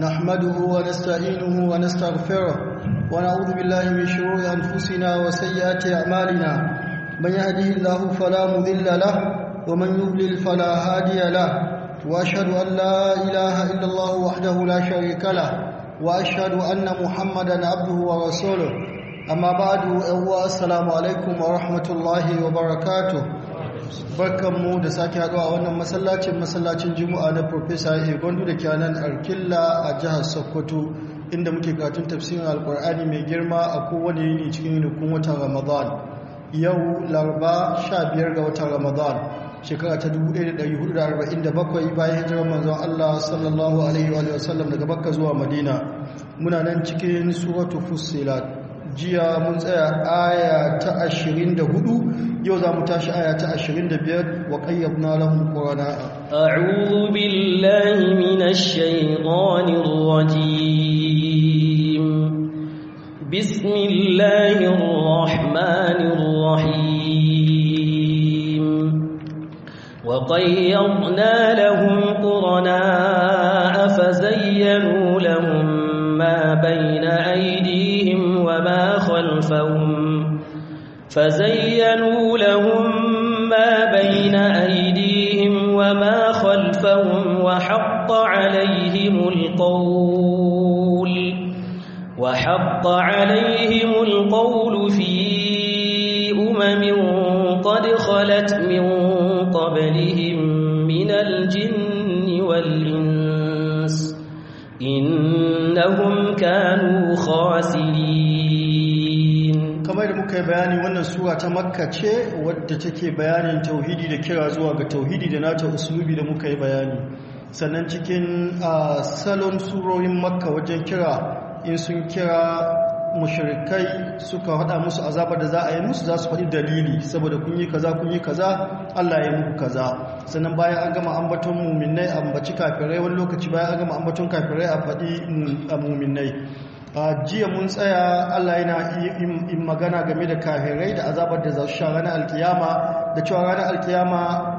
نحمده ونستعينه ونستغفره ونعوذ بالله من شرور أنفسنا وسيئات أعمالنا من يهده الله فلا مذل له ومن يضلل فلا هادي له وأشهد أن لا إله إلا الله وحده لا شريك له وأشهد أن محمدا عبده ورسوله أما بعد السلام عليكم ورحمة الله وبركاته barkanmu da sake haɗuwa a wannan masallacin masallacin juma'a na professor a gwandu da kyanan arkilla a jihar sokoto inda muke karatun tafsirin alkur'ani mai girma a kowane yini cikin rukun watan ramadan yau laraba 15 ga watan ramadan shekara ta 1447 bayan hijirar manzon Allah sallallahu alaihi wa sallam daga bakka zuwa Madina muna nan cikin suratu fusilat jiya mun tsaya aya ta 24 yau za mu tashi aya ta 25 wa qayyabna lahum qurana a'udhu billahi minash shaitanir rajim bismillahir rahmanir rahim wa qayyabna lahum qurana fazayyanu lahum ما بين أيديهم وما خلفهم فزينوا لهم ما بين أيديهم وما خلفهم وحق عليهم القول وحق عليهم القول في أمم قد خلت من قبلهم من الجن والإنس innahum kanu khasirin kamar da muka yi bayani wannan sura ta makka ce wadda take bayanin tauhidi da kira zuwa ga tauhidi da nata uslubi da muka yi bayani sannan cikin ah, salon surorin makka wajen kira in sun kira Mushirikai suka hada musu azabar da za a yi musu za su faɗi dalili saboda kun yi kaza kun yi kaza Allah ya muku kaza sannan bayan an gama ambaton muminai a ambaci kafirai wani lokaci bayan an gama ambaton kafirai a faɗi a muminai a jiya mun tsaya Allah yana yin magana game da kafirai da azabar da za su sha ranar alkiyama da cewa ranar alkiyama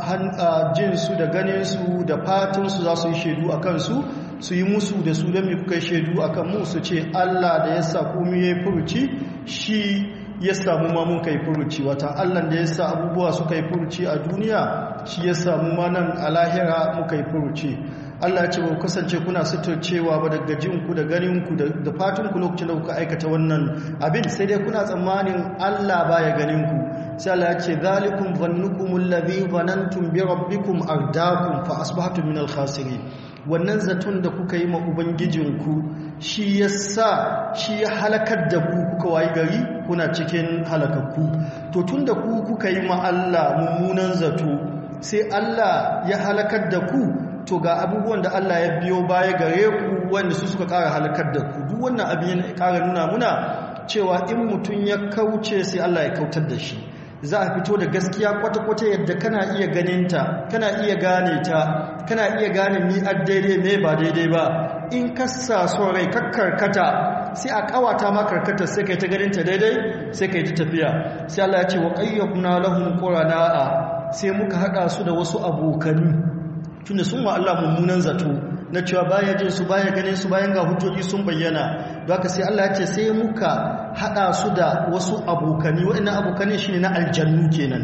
jinsu da ganinsu da fatinsu za su yi shaidu a kansu su yi musu da su don mai kuka shaidu a kan musu ce Allah da ya sa komi ya yi furuci shi ya samu ma mun kai furuci wata Allah da ya sa abubuwa su kai furuci a duniya shi ya samu ma nan a lahira mu furuci Allah ce ba kasance kuna cewa ba daga jinku da ganinku da fatinku lokacin da kuka aikata wannan abin sai dai kuna tsammanin Allah baya ganinku sai Allah ya ce zalikum vannukumul ladhi vanantum bi rabbikum ardaakum fa asbahtum min al-khasirin wannan zaton da kuka yi ma ubangijinku shi ya sa shi ya halakar da ku kuka wayi gari kuna cikin halakakku to tun da ku kuka yi ma Allah mummunan zato sai Allah ya halakar da ku to ga abubuwan da Allah ya biyo baya gare ku wanda su suka ƙara halakar da ku duk wannan abin ya ƙara nuna muna cewa in mutum ya kauce sai Allah ya kautar da shi za a fito da gaskiya kwata-kwata yadda kana iya ganinta kana iya gane ta kana iya gane ni a daidai ne ba daidai ba in kasa son rai karkata, sai a kawata ma karkata sai kai ta ganinta daidai sai kai ta tafiya sai Allah ya ce wa qayyabna lahum qurana sai muka hada su da wasu abokani tunda sun wa Allah mummunan zato na cewa baya jin su baya ganin su bayan ga hujjoji sun bayyana don haka sai Allah ya ce sai muka hada su da wasu abokani waɗannan abokani shine na aljannu kenan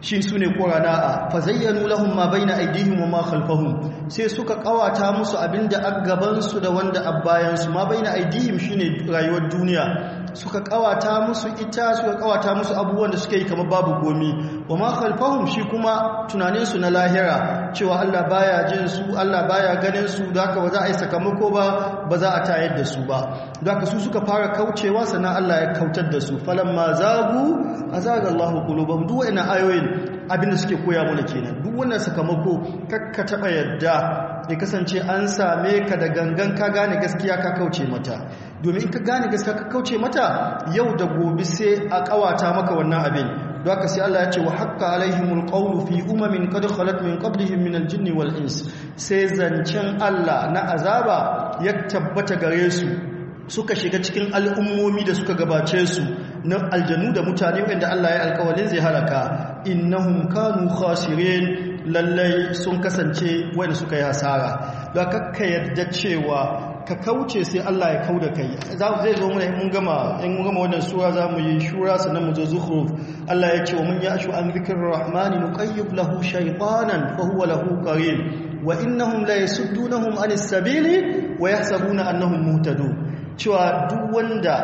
shi su ne ƙorana'a a fazayyanu lahum ma na aydihim wa ma khalfahum sai suka kawata musu abinda a gabansu da wanda a bayansu ma baina shi ne rayuwar duniya suka kawata musu ita suka kawata musu abubuwan da suke yi kamar babu gomi wa ma khalfahum shi kuma tunanin su na lahira cewa Allah baya jin su Allah baya ganin su da haka ba za a yi sakamako ba ba za a tayar da su ba da haka su suka fara kaucewa sannan Allah ya kautar da su falamma zagu azaga Allahu qulubahum duk ina ayoyin abinda suke koya mana kenan duk wannan sakamako kakka taba yadda ya kasance an same ka da gangan ka gane gaskiya ka kauce mata domin in ka gane gaskiya ka kauce mata yau da gobe sai a kawata maka wannan abin haka sai Allah ya ce wa haqqa alaihimul qawlu fi umamin qad khalat min qablihim min aljinni wal ins sai zancen Allah na azaba ya tabbata gare su suka shiga cikin al'ummomi da suka gabace su na aljanu da mutane waɗanda Allah ya alkawalin zai halaka innahum kanu khasirin lallai sun kasance waɗanda suka yi hasara da kakka yarda cewa ka kauce sai Allah ya kau da kai zai zo mana mun gama in mun gama wannan sura za mu yi shura sannan mu zo zukhruf Allah ya ce wa mun ya'shu an dhikr rahmani nuqayyib lahu shaytanan fa huwa lahu qarin wa innahum la yasuddunahum anis sabili wa yahsabuna annahum muhtadun cewa duk wanda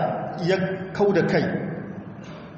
ya kau da kai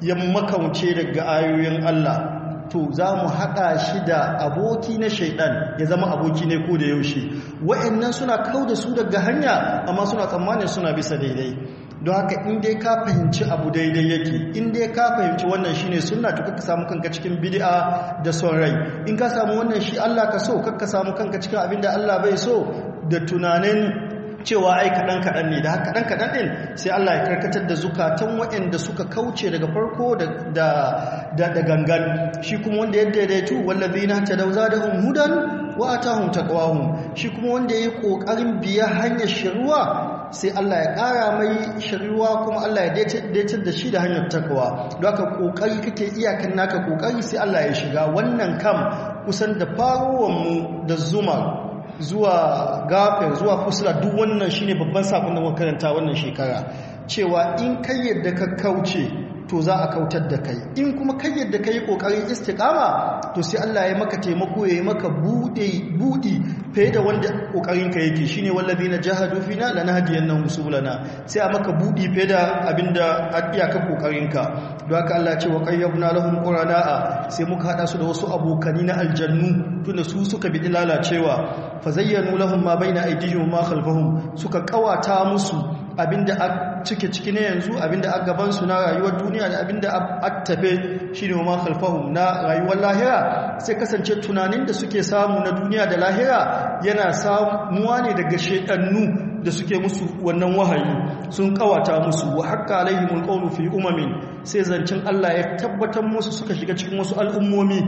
ya makauce daga ayoyin Allah to za mu haɗa shi da aboki na shaidan ya zama aboki ne ko da yaushe wa'annan suna kau da su daga hanya amma suna tsammanin suna bisa daidai don haka in dai ka fahimci abu daidai yake in dai ka fahimci wannan shi ne to kakka samu kanka cikin bidi'a da son rai in ka samu wannan shi Allah ka so kakka samu kanka cikin abin da Allah bai so da tunanin cewa ai kaɗan kaɗan ne da haka kaɗan kaɗan ɗin sai Allah ya karkatar da zukatan waɗanda suka kauce daga farko da gangan shi kuma wanda ya daidaitu wallazina tadawza da hudan wa atahum taqwahum shi kuma wanda ya yi kokarin biya hanyar shirwa sai Allah ya ƙara mai shirwa kuma Allah ya daidaitar da shi da hanyar takawa don haka ƙoƙari kake iyakan naka ƙoƙari sai Allah ya shiga wannan kam kusan da faruwar mu da zuma zuwa gafe zuwa kusura duk wannan shine babban sakon da muka wannan shekara cewa in kai yadda ka kauce to za a kautar da kai in kuma kai yadda kai kokarin istiqama to sai Allah ya maka taimako ya yi maka bude budi fa da wanda kokarin ka yake shine wallazina jahadu fina lanahdiyannahum subulana sai a maka budi fa da abinda ka kokarin ka don haka Allah ya ce wa qayyabna lahum qurana sai muka hada su da wasu abokani na aljannu tunda su suka bi lalacewa fa zayyanu lahum ma bayna aydihim ma khalfahum suka kawata musu abinda a cike ciki ne yanzu abinda a gabansu na rayuwar duniya da abinda a tafe shi ne ma kalfahu na rayuwar lahira sai kasance tunanin da suke samu na duniya da lahira yana samuwa ne daga shekannu da suke musu wannan wahayi sun kawata musu wa haka alaihi mulkaunu fi umamin sai zancen Allah ya tabbatar musu suka shiga cikin wasu al'ummomi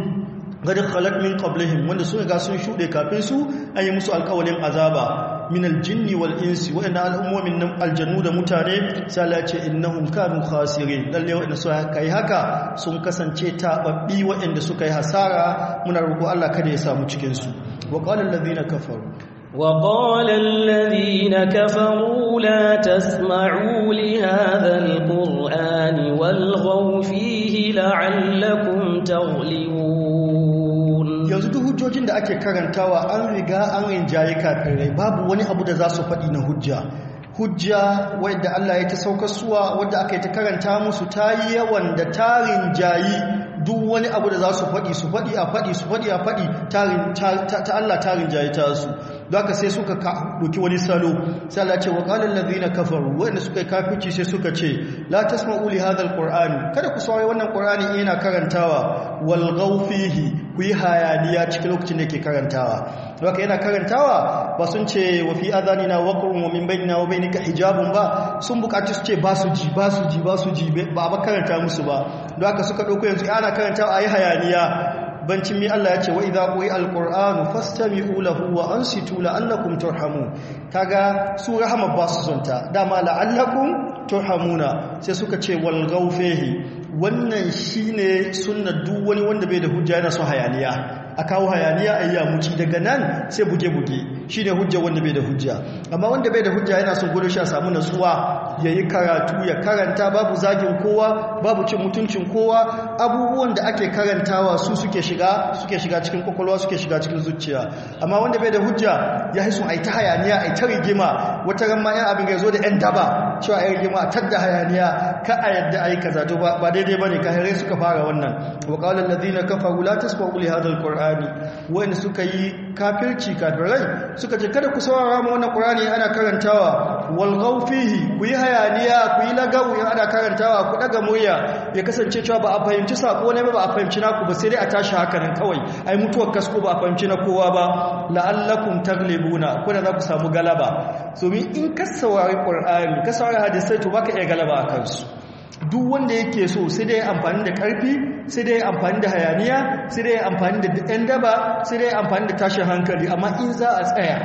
gadi khalaq min qablihim wanda suka ga sun shuɗe kafin su an yi musu alkawalin azaba من الجن والانس وان الامم من الجنود متاره سالا انهم كانوا خاسرين لله وان سو كاي هكا سون كسانتي تاببي وان دو سكاي حساره من ربو الله كدي يسامو cikin وقال الذين كفروا وقال الذين كفروا لا تسمعوا لهذا القران والغوا فيه لعلكم تغلبون yanzu duk hujjojin da ake karantawa an riga an rinjaye rai babu wani abu da za su faɗi na hujja hujja wadda Allah ya ta saukar suwa wadda aka yi ta karanta musu ta yi yawan da tarin jayi duk wani abu da za su faɗi su faɗi a faɗi su faɗi a faɗi ta Allah ta jayi ta su aka sai suka ɗauki wani salo sai Allah ce wa qalan na kafaru wanda suka yi kafici sai suka ce la sama li hadha ƙur'ani kada ku saurari wannan qur'ani yana karantawa wal ku yi hayaniya cikin lokacin da ke karantawa da haka yana karantawa ba sun ce wa azani na wa wamin wa min bainina wa hijabun ba sun bukaci su ce ba su ji ba su ji ba su ji ba a makaranta musu ba da haka suka ɗauko yanzu ana karantawa a yi hayaniya bancin mi Allah ya ce wa idza quri alqur'anu fastami'u lahu wa ansitu la'allakum turhamu kaga su rahama ba su zonta dama la'allakum turhamuna sai suka ce wal wannan shine ne duk wani wanda bai da hujja yana so hayaniya a kawo hayaniya a yi yamuci daga nan sai buge-buge Shi ne hujja wanda bai da hujja amma wanda bai da hujja yana son gudun sha samu nasuwa ya yi karatu ya karanta babu zagin kowa babu cin mutuncin kowa abubuwan da ake karantawa su suke shiga suke shiga cikin kwakwalwa suke shiga cikin zuciya amma wanda bai da hujja ya hisu sun ta hayaniya a ta rigima wata ran ma yan abin ga zo da yan daba cewa ai rigima tadda hayaniya ka a yadda yi kaza to ba daidai ba ne ka hare suka fara wannan wa ladina kafa kafaru la tasma'u li hadha alqur'ani suka yi kafirci kafirai suka ce kada ku saurara mu wannan Qur'ani ana karantawa wal kuyi ku yi hayaniya ku yi lagawu in ana karantawa ku daga murya ya kasance cewa ba a fahimci sako ne ba ba a fahimci naku ba sai dai a tashi haka kawai ai mutuwar kasko ba a fahimci na kowa ba la'allakum taglibuna da za ku samu galaba so in ka saurari Qur'ani ka saurari hadisai to baka iya galaba a kansu duk wanda yake so sai dai amfani da karfi sai dai amfani da hayaniya sai dai amfani da ɗan daba sai dai amfani da tashin hankali amma in za a tsaya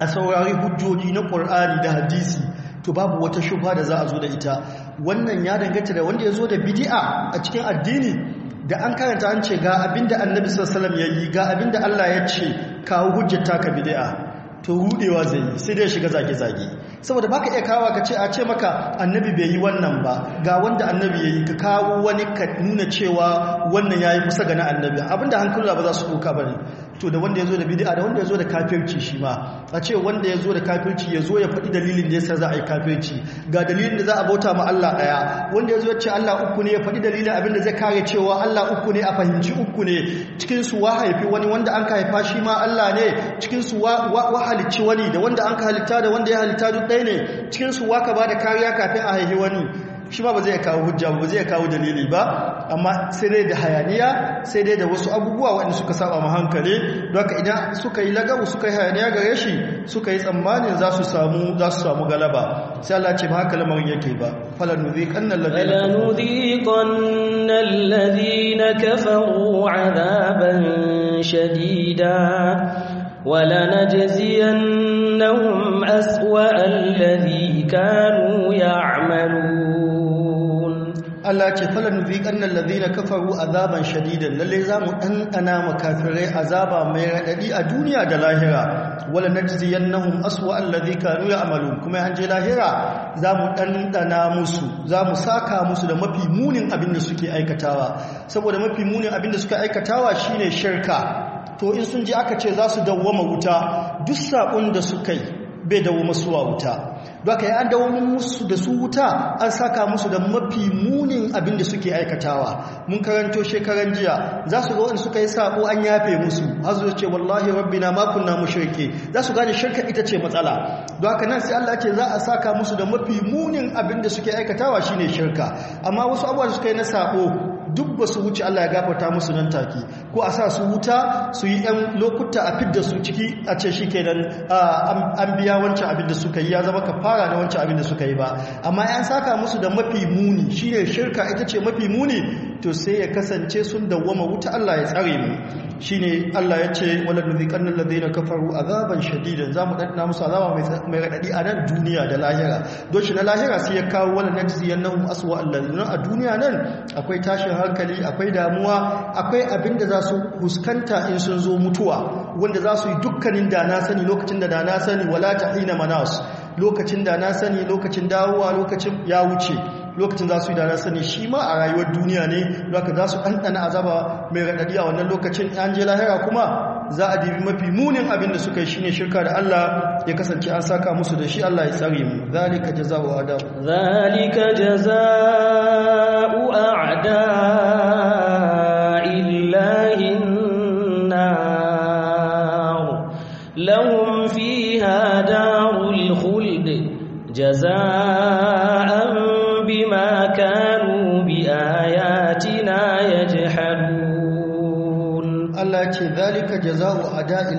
a saurari hujjoji na ƙur'ani da hadisi to babu wata shubha da za a zo da ita wannan ya danganta da wanda ya zo da bidi'a a cikin addini da an karanta an ce ga abinda annabi sallallahu alaihi wasallam ga abinda Allah ya ce kawo hujjar taka bidi'a to rudewa zai sai dai shiga zage zage saboda baka iya kawo ka ce a ce maka annabi bai yi wannan ba ga wanda annabi yayi ka kawo wani ka nuna cewa wannan yayi kusa ga na annabi abinda hankula ba za su ba bane to da wanda ya zo da bidi'a da wanda ya zo da kafirci shi ma a ce wanda ya zo da kafirci ya zo ya faɗi dalilin da ya sa za a yi kafirci ga dalilin da za a bauta ma Allah ɗaya wanda ya zo ya ce Allah uku ne ya faɗi dalilin abin da zai kare cewa Allah uku ne a fahimci uku ne cikin su wa haifi wani wanda an ka haifa shi ma Allah ne cikin su wa, halicci wani da wanda an ka halitta da wanda ya halitta duk ɗaya ne cikin su wa ka ba da kariya kafin a haihi wani shi ba zai kawo hujja ba zai kawo dalili ba amma sai dai da hayaniya sai dai da wasu abubuwa waɗanda suka saba mu hankali don haka idan suka yi lagabu suka yi hayaniya gare shi suka yi tsammanin za su samu za su samu galaba sai Allah ce ba haka lamarin yake ba falanuziqanna alladhina kafaru adaban shadida ولنجزينهم أسوأ الذي كانوا يعملون Allah ce falan ziƙan nan lazina kafaru azaban shadidan lalle za mu ɗanɗana makafirai azaba mai raɗaɗi a duniya da lahira wala najziyannahum aswa allazi ya amalu kuma an je lahira za mu ɗanɗana musu za mu saka musu da mafi munin abin da suke aikatawa saboda mafi munin abin da suke aikatawa shine shirka to in sun ji aka ce za su dawwama wuta duk saƙon da suka yi bai dawo masu wa wuta doka ya dawo musu da su wuta an saka musu da mafi munin abin da suke aikatawa mun karanto shekaran jiya za su ga wani suka yi sabo an yafe musu har su ce wallahi rabbina ma kunna mushrike za su gane shirka ita ce matsala doka nan sai Allah ce za a saka musu da mafi munin abin da suke aikatawa shine shirka amma wasu abuwa suka yi na sabo duk ba su wuce Allah ya gafarta musu nan take ko a sa su wuta su yi ɗan lokuta a fidda su ciki a ce shi ke nan an biya wancan abin da suka yi ya zama ka fara da wancan abin da suka yi ba amma yan saka musu da mafi muni shi ne shirka ita ce mafi muni to sai ya kasance sun dawwama wuta Allah ya tsare mu shine Allah ya ce wala nuziqannal ladina kafaru azaban shadidan zamu danna musu azaba mai radadi a nan duniya da lahira don shi na lahira sai ya kawo wala najziyannahum aswa alladhina a duniya nan akwai tashin hankali akwai damuwa akwai abinda za su huskanta in sun zo mutuwa wanda za su yi dukkanin da na sani lokacin da da na sani wala ta'ina manas lokacin da na sani lokacin dawowa lokacin ya wuce lokacin za su yi dana sani shi ma a rayuwar duniya ne zaka za su ɗanɗana azaba mai raɗaɗi a wannan lokacin an je lahira kuma za a dibi mafi munin abin da suka yi shine shirka da Allah ya kasance an saka musu da shi Allah ya tsare mu zalika jazaa'u a'da zalika jazaa'u a'da illahi nar lahum fiha darul khuld jazaa'u ce zalika jaza'u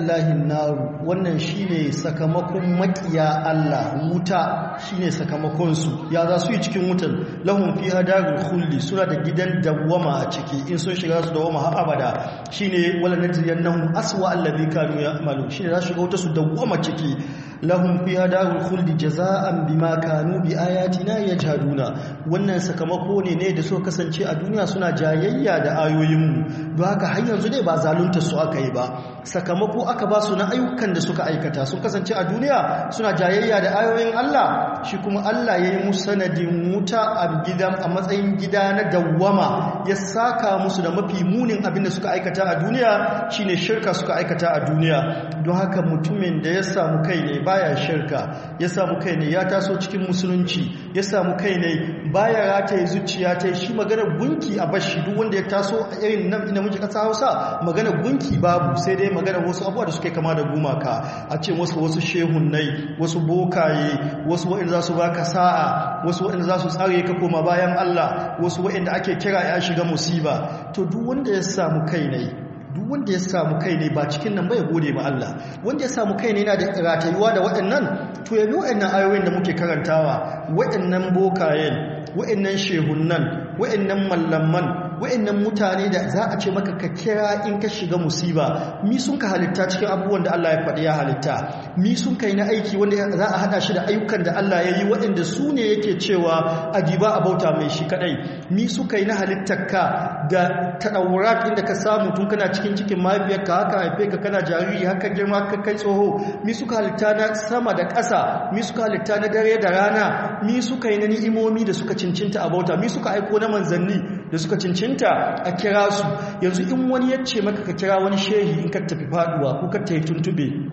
lahin naru wannan shine sakamakon makiya Allah wuta shine sakamakon su ya za su yi cikin wutan lahum fiha darul khulli suna da gidan dawwama a ciki in sun shiga su dawwama har abada shine wala najriyannahum aswa allazi kanu ya'malu shine za su shiga wuta su dawwama ciki lahum fiha darul khuldi jaza'an bima kanu bi ayatina yajhaduna wannan sakamako ne ne da suka kasance a duniya suna jayayya da ayoyinmu. mu don haka har yanzu dai ba zalunta su aka yi ba sakamako aka ba su na ayyukan da suka aikata sun kasance a duniya suna jayayya da ayoyin Allah shi kuma Allah ya yi musu sanadin wuta a gidan a matsayin gida na dawwama ya saka musu da mafi munin abin da suka aikata a duniya shi ne shirka suka aikata a duniya don haka mutumin da ya samu kai ne baya shirka ya samu kai ne ya taso cikin musulunci ya samu kai ne baya rataye zuciya ta shi magana gunki a bashi duk wanda ya taso irin nan ina muke kasa Hausa magana gunki babu sai dai magana wasu abubuwa da suke kama da guma maka a ce wasu wasu shehunnai wasu bokaye wasu waɗanda za su baka sa'a wasu waɗanda za su tsare ka koma bayan Allah wasu waɗanda ake kira ya shiga musiba to duk wanda ya samu kai ne duk wanda ya samu kai ne ba cikin nan bai gode ba Allah wanda ya samu kai ne yana da ratayuwa da waɗannan to ya bi waɗannan ayoyin da muke karantawa waɗannan bokayen waɗannan shehunan, waɗannan mallaman wa'annan mutane da za a ce maka ka kira in ka shiga musiba mi sun ka halitta cikin abubuwan da Allah ya faɗi ya halitta mi sun kai na aiki wanda za a haɗa shi da ayyukan da Allah ya yi waɗanda su ne yake cewa adiba a bauta mai shi kaɗai mi su kai na halittarka da taɗaurat inda ka samu tun kana cikin cikin mahaifiyarka haka haife ka kana jariri haka girma haka kai tsoho mi suka halitta na sama da ƙasa mi suka halitta na dare da rana mi suka yi na ni'imomi da suka cincinta a bauta mi suka aiko na manzanni da suka cincinta a kira su yanzu in wani ya ce maka ka kira wani shehi in ka tafi faduwa ko ka tafi tuntube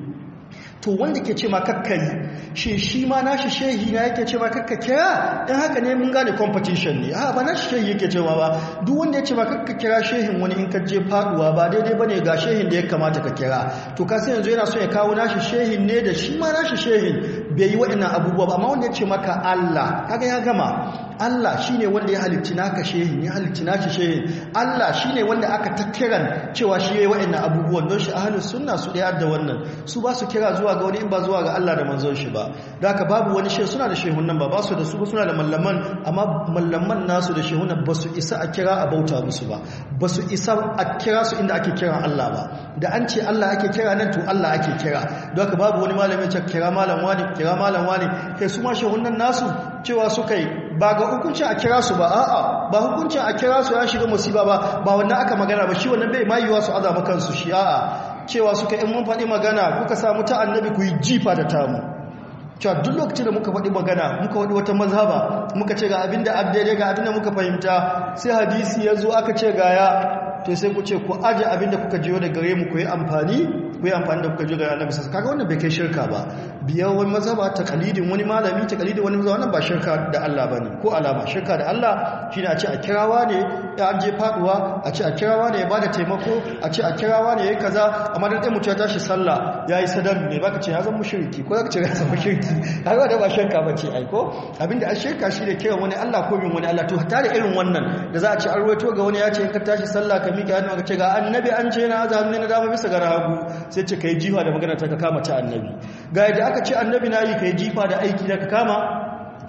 to wanda ke ce ma kakkari shi shi ma nashi shehi na yake ce ma kakka kira in haka ne mun gane competition ne a ba nashi shehi yake cewa ba duk wanda ya ce ma kakka kira shehin wani in ka je faduwa ba daidai bane ga shehin da ya kamata ka kira to ka sai yanzu yana so ya kawo nashi shehin ne da shi ma nashi shehin bai yi waɗannan abubuwa ba amma wanda ya ce maka Allah kaga ya gama Allah shi ne wanda ya halicci naka shehi ya halicci naki shehin Allah shi ne wanda aka tattaran cewa shi ya yayi na abubuwan don shi ahlus sunna su ɗaya da wannan su ba su kira zuwa ga wani in ba zuwa ga Allah da manzon shi ba da haka babu wani shehu suna da shehun nan ba ba su da su suna da mallaman amma mallaman nasu da shehun nan ba su isa a kira a bauta musu ba ba su isa a kira su inda ake kira Allah ba da an ce Allah ake kira nan to Allah ake kira don haka babu wani malami ya ce kira malam kai su ma shehun nan nasu cewa suka yi ba ga hukuncin a kira su ba a'a ba hukunci a kira su ya shiga musiba ba ba wanda aka magana ba shi wannan bai mayuwa su azama kansu shi a'a cewa suka in mun faɗi magana kuka samu ta annabi ku yi jifa da tamu cewa duk lokacin da muka faɗi magana muka faɗi wata mazhaba muka ce ga abinda abdaidai ga da muka fahimta sai hadisi ya zo aka ce ga ya to sai ku ce ku aje abin da kuka jiyo da gare mu ku yi amfani ku yi amfani da kuka jiyo daga annabi sallallahu kaga wannan bai kai shirka ba biyar wani mazhaba kalidin wani malami kalidin wani mazhaba wannan ba shirka da Allah bane ko alama shirka da Allah shine a ce a kirawa ne ya an je faduwa a ce a kirawa ne ya bada taimako a ce a kirawa ne yayi kaza amma dan dai ta ya tashi sallah yayi sadar ne baka ce ya zama mushriki ko zaka ce ya zama shirki kaga da ba shirka ce ai ko abinda a shirka shine kiran wani Allah ko bin wani Allah to tare da irin wannan da za a ce an ruwaito ga wani ya ce in ka tashi sallah ka miƙe hannu ka ce ga annabi an ce na aza na dama bisa ga hagu sai ce ka yi jifa da magana ta ka kama ta annabi ga yadda aka ce annabi na yi ka jifa da aiki da ka kama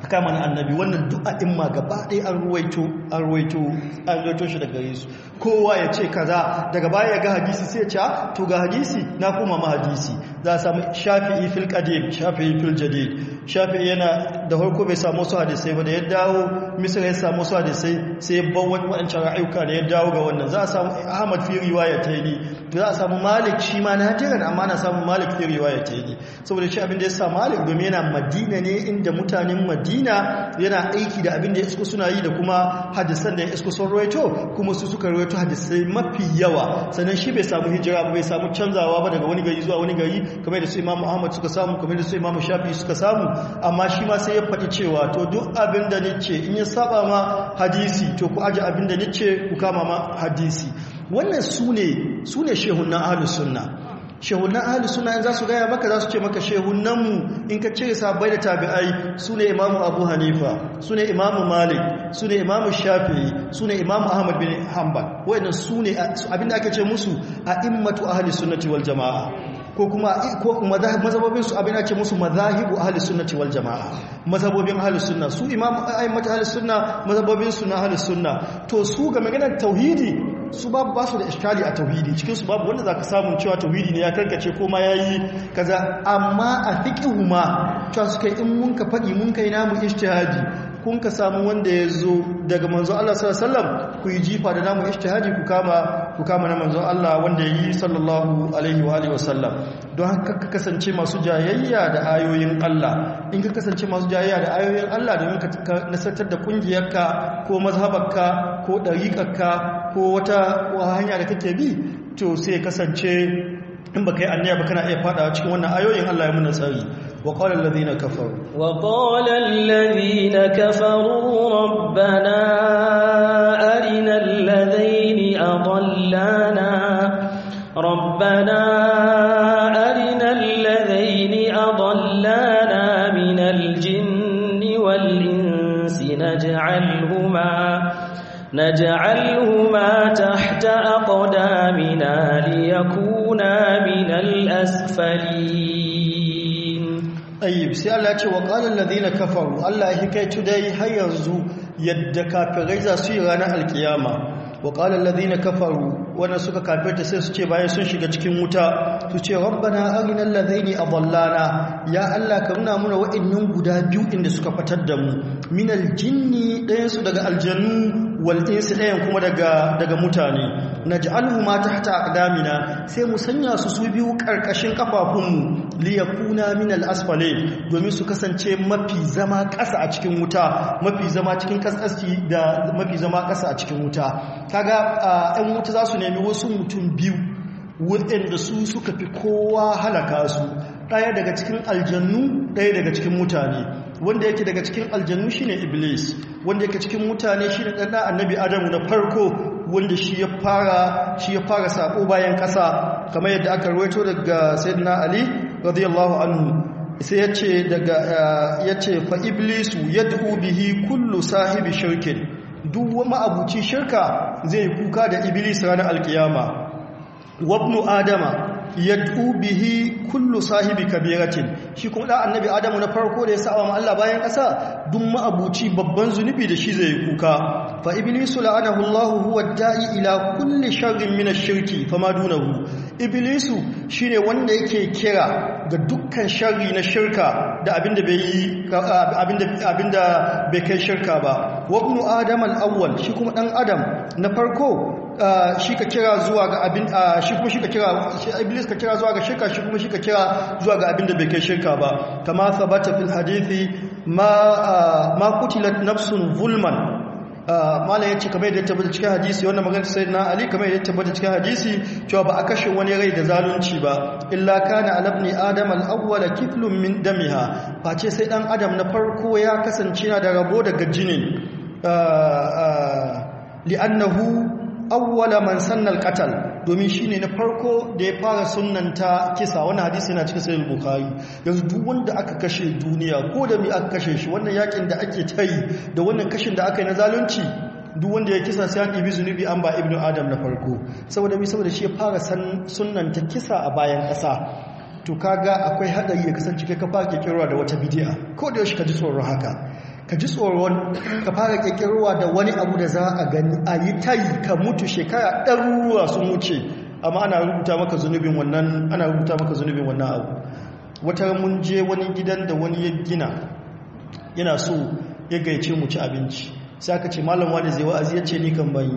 ka kama na annabi wannan du'a in ma gaba ɗaya an ruwaito an ruwaito an ruwaito shi daga yesu kowa ya ce kaza daga baya ya ga hadisi sai ce to ga hadisi na kuma ma hadisi za a samu shafi'i fil qadim shafi'i fil jadid shafi yana da harko bai samu su hadisai ba da ya dawo misir ya samu su hadisai sai ya ban waɗancan ra'ayuka da ya dawo ga wannan za a samu ahmad fi riwaya ta yi za a samu malik shi ma na jiran amma na samu malik fi riwaya ta yi saboda shi abin da ya sa malik domin yana madina ne inda mutanen madina yana aiki da abin da ya isko suna yi da kuma hadisan da ya isko sun rawaito kuma su suka rawaito hadisai mafi yawa sannan shi bai samu hijira ba bai samu canzawa ba daga wani gari zuwa wani gari kamar da su imamu ahmad suka samu kamar da su imamu shafi suka samu amma shi ma sai ya faɗi cewa to duk abin da ni in ya saba ma hadisi to ku aji abin da ni ku kama ma hadisi wannan su ne su ne shehunan ahlus sunna shehunan ahlus sunna in za su gaya maka za su ce maka shehunan mu in ka cire sabai da tabi'ai su ne imamu abu hanifa su ne imamu malik su ne imamu shafi'i su ne imamu ahmad bin hanbal wayannan su ne abinda ake ce musu a immatu ahlus sunnati wal jama'a ko kuma ko mazhabobin su abin ake musu mazahibu ahli sunnati wal jamaa mazhabobin ahli sunna su imam ayyamat ahli sunna mazhabobin su na ahli sunna to su ga maganar tauhidi su babu basu da iskali a tauhidi cikin su babu wanda zaka samu cewa tauhidi ne ya karkace ko ma yayi kaza amma a fiqhu ma to suka in mun ka fadi mun kai namu ijtihadi kun ka samu wanda ya zo daga manzo Allah sallallahu ku yi jifa da namu ishtihadi ku kama ku kama na manzo Allah wanda ya yi sallallahu alaihi wa alihi wasallam don haka ka kasance masu jayayya da ayoyin Allah in ka kasance masu jayayya da ayoyin Allah domin ka nasartar da kungiyarka ko mazhabarka ko dariƙarka ko wata hanya da kake bi to sai kasance in baka yi anniya ba kana iya fada cikin wannan ayoyin Allah ya muna tsari wa qala alladhina kafaru wa qala alladhina kafaru rabbana arina alladhina adallana rabbana arina alladhina adallana min aljinni wal insi naj'alhuma naj'alhuma tahta aqdamina liyakun كنا من الأسفلين طيب سألة وقال الذين كفروا الله هكي تدي هيرزو يدكا كغيزة سيرانا القيامة وقال الذين kafaru وانا suka كافرت sai su ce bayan sun shiga cikin wuta su ce rabbana arina alladhini adallana ya Allah ka nuna muna wa'annan guda biyu inda suka fatar da mu minal jinni dayan su daga aljannu wal'insu ɗayan kuma daga mutane na ji ma ta hata sai mu sanya su su biyu ƙarƙashin ƙafafunmu liyakuna min al'asfale domin su kasance mafi zama ƙasa a cikin wuta mafi zama cikin ƙasƙaski da mafi zama ƙasa a cikin wuta kaga ɗan wuta za su nemi wasu mutum biyu waɗanda su suka fi kowa halaka su ɗaya daga cikin aljannu ɗaya daga cikin mutane wanda yake daga cikin aljanu shine iblis wanda yake cikin mutane shine dan annabi adam na farko wanda shi ya fara shi ya fara sako bayan ƙasa. kamar yadda aka rawaito daga sayyidina ali radiyallahu anhu sai yace daga eh, yace fa iblisu yad'u bihi kullu sahibi shirkin duk wani abuci shirka zai kuka da iblis ranar alkiyama wabnu adama yad'u bihi kullu sahibi kabiratin shi kuma da annabi adamu na farko da ya sa ma Allah bayan ƙasa duk ma'abuci babban zunubi da shi zai kuka fa iblisu la'anahu Allah huwa da'i ila kulli sharrin min ash-shirki fama dunahu iblisu shine wanda yake kira ga dukkan sharri na shirka da abinda bai abinda abinda bai kai shirka ba wabnu adam al-awwal shi kuma dan adam na farko shi ka kira zuwa ga abin shi kuma shi ka kira shi iblis ka kira zuwa ga shirka shi kuma shi ka kira zuwa ga abin da bai kai shirka ba kama sabata fil hadithi ma ma nafsun zulman mala ya ce kamar yadda ya tabbata cikin hadisi wannan magana sai na ali kamar yadda ya tabbata cikin hadisi cewa ba a kashe wani rai da zalunci ba illa kana alabni adam al-awwal kiflun min damiha face sai dan adam na farko ya kasance na da rabo daga jinin li'annahu awwala man sannal qatal domin shine na farko da ya fara sunnanta kisa wannan hadisi yana cikin sahih bukhari yanzu duk wanda aka kashe duniya ko da mi aka kashe shi wannan yakin da ake tai da wannan kashin da aka yi na zalunci duk wanda ya kisa sai an ibi zunubi an ba ibnu adam na farko saboda mi saboda shi ya fara sunnanta kisa a bayan kasa, to kaga akwai hadari ya kasance kai ka fara kirkirwa da wata bidi'a ko da yaushe ka ji tsoron haka ka ji tsoron ka fara kirkirowa da wani abu da za a gani a yi tayi ka mutu shekara ruwa sun wuce amma ana rubuta maka zunubin wannan ana rubuta maka zunubin wannan abu wata mun je wani gidan da wani ya gina yana so ya gaice mu ci abinci sai aka ce malam wani zai wa'azi ya ce ni kan bayi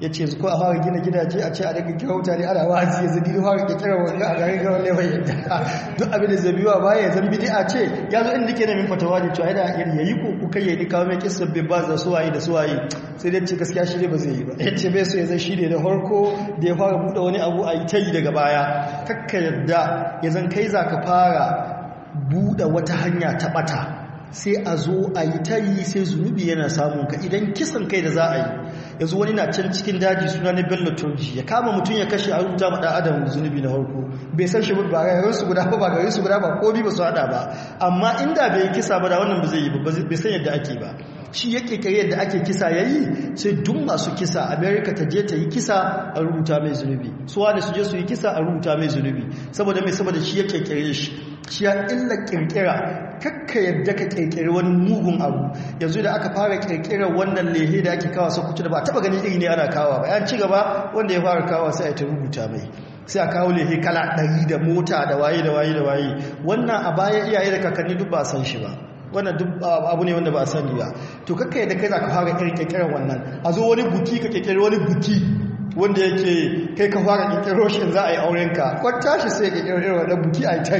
ya ce ko a fara gina gidaje a ce a daga kira mutane ana wa'azi ya zabi da fara kira wani a garin gawar lewa yadda duk abin da zabi wa baya zan bidi a ce ya zo inda ke da min fatawa da cewa yana yin yayi ko ku kai yayi kawo mai kisa bai ba za suwaye da suwaye sai dai ce gaskiya shi ne ba zai yi ba ya ce bai so ya zai shi ne da horko da ya fara buɗe wani abu a yi ta yi daga baya kakka yadda ya zan kai za ka fara buɗe wata hanya ta ɓata sai a zo a yi ta yi sai zunubi yana samun ka idan kisan kai da za a yi yanzu wani na can cikin daji suna na bello turji ya kama mutum ya kashe a rubuta maɗa adam zunubi na harko bai san shi ba ga su guda ba ga su guda ba ko bi ba su hada ba amma inda bai kisa ba da wannan ba zai yi ba bai san yadda ake ba shi ya kekere yadda ake kisa ya yi sai duk masu kisa america ta je ta yi kisa a rubuta mai zunubi suwa da su je su yi kisa a rubuta mai zunubi saboda mai saboda shi ya kekere shi shi illa kirkira kakka yadda ka kirkiri wani mugun abu yanzu da aka fara kirkira wannan lehe da ake kawo sokoto da ba a taba gani iri ne ana kawo ba yan cigaba wanda ya fara kawo sai a ta rubuta mai sai a kawo lehe kala ɗari da mota da waye da waye da waye wannan a baya iyaye da kakanni duk ba a san shi ba wannan duk abu ne wanda ba a sani ba to kakka yadda kai za ka fara kirkirar wannan a zo wani buki ka kirkiri wani buki wanda yake kai ka fara kikiro shi za a yi aurenka kwata shi sai ka kirkiro wadda buki a yi ta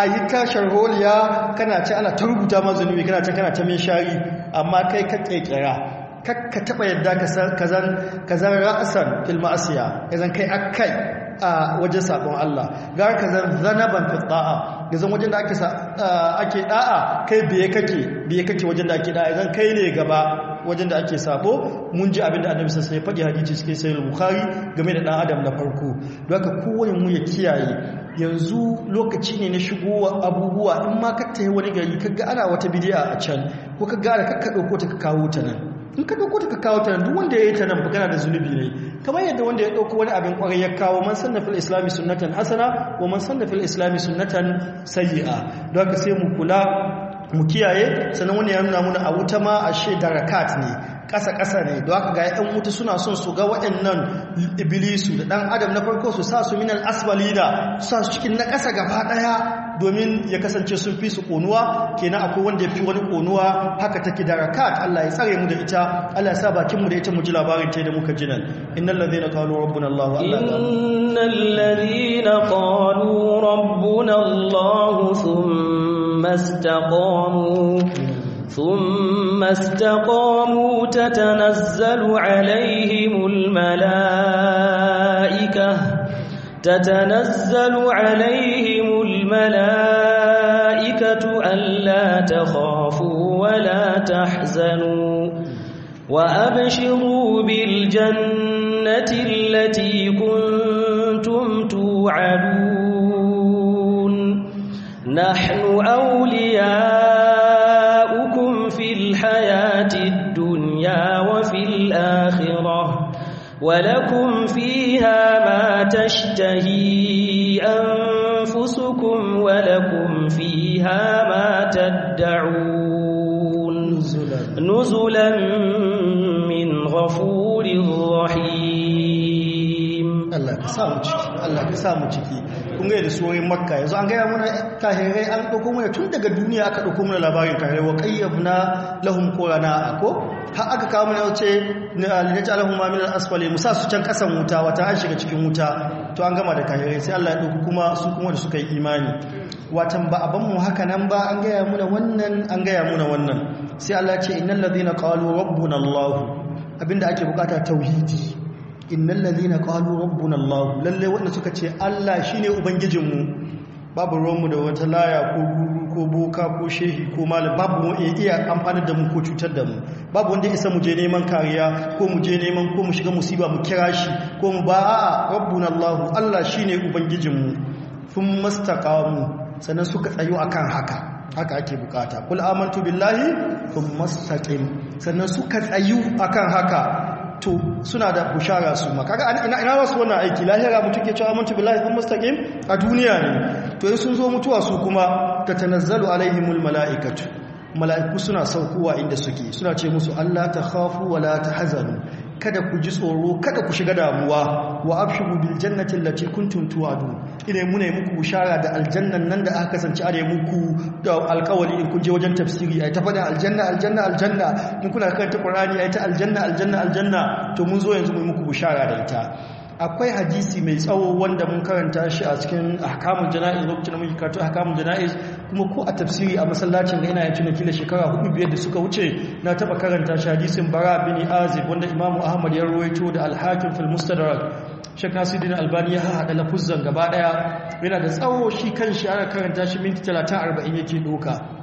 a yi tashar holiya kana ce ana ta rubuta zunubi kana ce kana ta mai shari amma kai ka kirkira ka taba yadda ka zan ra'asan fil asiya ya zan kai akai a wajen sabon Allah gara ka zan zanaban fi da'a zan wajen da ake da'a kai biye kake biye kake wajen da ake da'a zan kai ne gaba wajen da ake sabo mun ji abinda da annabi sassa ya faɗi hadisi cikin sayyid bukhari game da ɗan adam na farko don haka kowane mu ya kiyaye yanzu lokaci ne na shigowa abubuwa in ma ka tayi wani gari kaga ana wata bidiya a can ko ka gara kakka ko ta ka kawo ta nan in ka dauko ka kawo ta duk wanda yi ta nan kana da zunubi ne kamar yadda wanda ya dauko wani abin kwarai ya kawo man sanna fil islami sunnatan hasana wa man sanna fil islami sunnatan sayyi'a don haka sai mu kula mu kiyaye sannan wani ya nuna muna a wuta ma ashe rakat ne ƙasa-ƙasa ne don haka ga ‘yan wuta suna son su ga waɗannan ibilisu da ɗan adam na farko su sa su minal aswali da su sa su cikin na ƙasa gaba ɗaya domin ya kasance sun fi su ƙonuwa kenan akwai wanda ya fi wani ƙonuwa haka take da rakat Allah ya tsare mu da ita Allah ya sa bakin mu da ita mu ji labarin ta da muka ji nan innal ladhina qalu rabbuna Allah Allah innal ladhina qalu rabbuna Allah thumma istaqamu ثم استقاموا تتنزل عليهم الملائكة تتنزل عليهم الملائكة ألا تخافوا ولا تحزنوا وأبشروا بالجنة التي كنتم توعدون نحن أولياؤكم ولكم فيها ما تشتهي أنفسكم ولكم فيها ما تدعون نزلا من غفور رحيم الله كسامك الله كسامك kun gaya da makka yanzu an gaya mana kahirai an ɗauko mana tun daga duniya aka ɗauko muna labarin kahirai wa na lahum korana a ko har aka kawo mana wace na ji alahun mamin asfali musa su can kasan wuta wata an shiga cikin wuta to an gama da kahirai sai allah ya ɗauko kuma su kuma da suka yi imani watan ba a mu haka nan ba an gaya muna wannan an gaya muna wannan sai allah ce innal ladina qalu rabbuna allah abinda ake bukata tauhidi innan na qalu rabbuna allah Lallai wanda suka ce allah shi ne ubangijinmu babu ruwanmu da wata laya ko guru ko boka ko shehi ko malam babu wani iya amfani da mu ko cutar da mu babu wanda isa mu je neman kariya ko mu je neman ko mu shiga musiba mu kira shi ko mu ba a'a rabbuna allah allah ne ubangijinmu sun mu. sannan suka tsayo akan haka haka ake bukata kul amantu billahi sun mastaqim sannan suka tsayu akan haka to suna da bushara su ma kaga ina ina wasu wannan aiki lahira mutum ke cewa mutu billahi kun mustaqim a duniya ne to in sun zo mutuwa su kuma tatanazzalu alaihimul malaikatu mala'iku suna saukowa inda suke suna ce musu Allah ta khafu wala ta tahzanu kada ku ji tsoro kada ku shiga damuwa wa abshiru bil jannati allati kuntum tu'adun ina muna muku bushara da aljannan nan da aka kasance are muku da alƙawari in kun je wajen tafsiri ai ta fada aljanna aljanna aljanna in kuna karanta qur'ani ai ta aljanna aljanna aljanna to mun zo yanzu mu muku bushara da ita akwai hadisi mai tsawo wanda mun karanta shi a cikin ahkamul jana'iz lokacin da muke karatu ahkamul jana'iz kuma ko a tafsiri a masallacin da ina yin tuna kila shekara hudu biyar da suka wuce na taba karanta shi hadisin bara bin azib wanda imam ahmad ya rawaito da al-hakim fil mustadrak shek nasiruddin albani ya haɗa lafuzan gaba daya yana da tsawo shi kan shi ana karanta shi minti 30 40 yake doka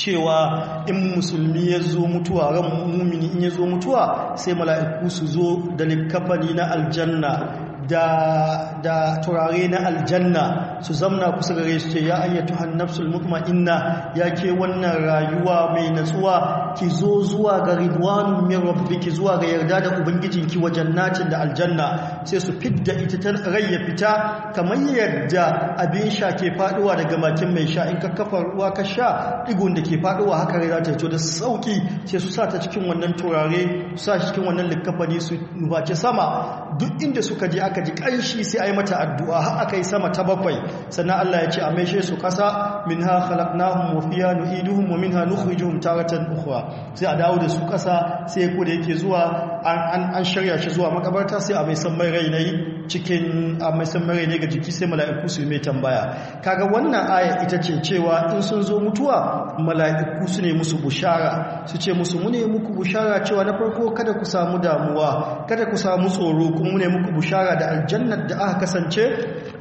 cewa in musulmi ya zo mutuwa ran mumini in ya zo mutuwa sai mala'iku su zo da likafani na aljanna da turare na aljanna su zamna kusa gare su ce ya ayyatu hannafsul mutma'inna ya ke wannan rayuwa mai natsuwa ki zo zuwa ga ridwanun min zuwa ga yarda da ubangijinki wajen natin da aljanna sai su fidda ita ta ya fita kamar yadda abin sha ke faduwa daga makin mai sha in ka kafa ruwa ka sha digun da ke faduwa haka rai za ta fito da sauki sai su sa ta cikin wannan turare su sa cikin wannan likkafani su nufaci sama duk inda suka je aka aka ji kanshi sai a yi mata addu'a har aka yi sama ta bakwai sannan Allah ya ce a maishe su ƙasa min ha hun mafiya nu'iduhun wa min ha nukhrijuhun taratan ukhra sai a dawo da su kasa sai ko da yake zuwa an shirya shi zuwa makabarta sai a mai san mai rai na yi cikin amaisan mare ne ga jiki sai mala'iku su mai tambaya kaga wannan aya ita ce cewa in sun zo mutuwa mala'iku su ne musu bushara su ce musu mune muku bushara cewa na farko kada ku samu damuwa kada ku samu tsoro kuma mune muku bushara da aljannar da aka kasance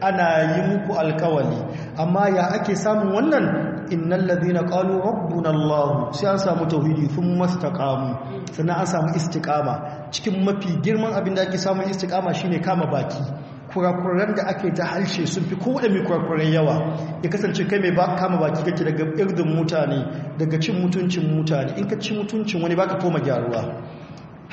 ana yi muku alkawali amma ya ake samun wannan innal ladina qalu rabbuna allah sai an samu tauhidi thumma istaqamu sannan an samu istikama cikin mafi girman abin da ake samun istikama shine kama baki kurakuran da ake ta harshe sun fi da mai kurakuran yawa ya kasance kai mai kama baki kake daga irdin mutane daga cin mutuncin mutane in ka ci mutuncin wani baka koma gyaruwa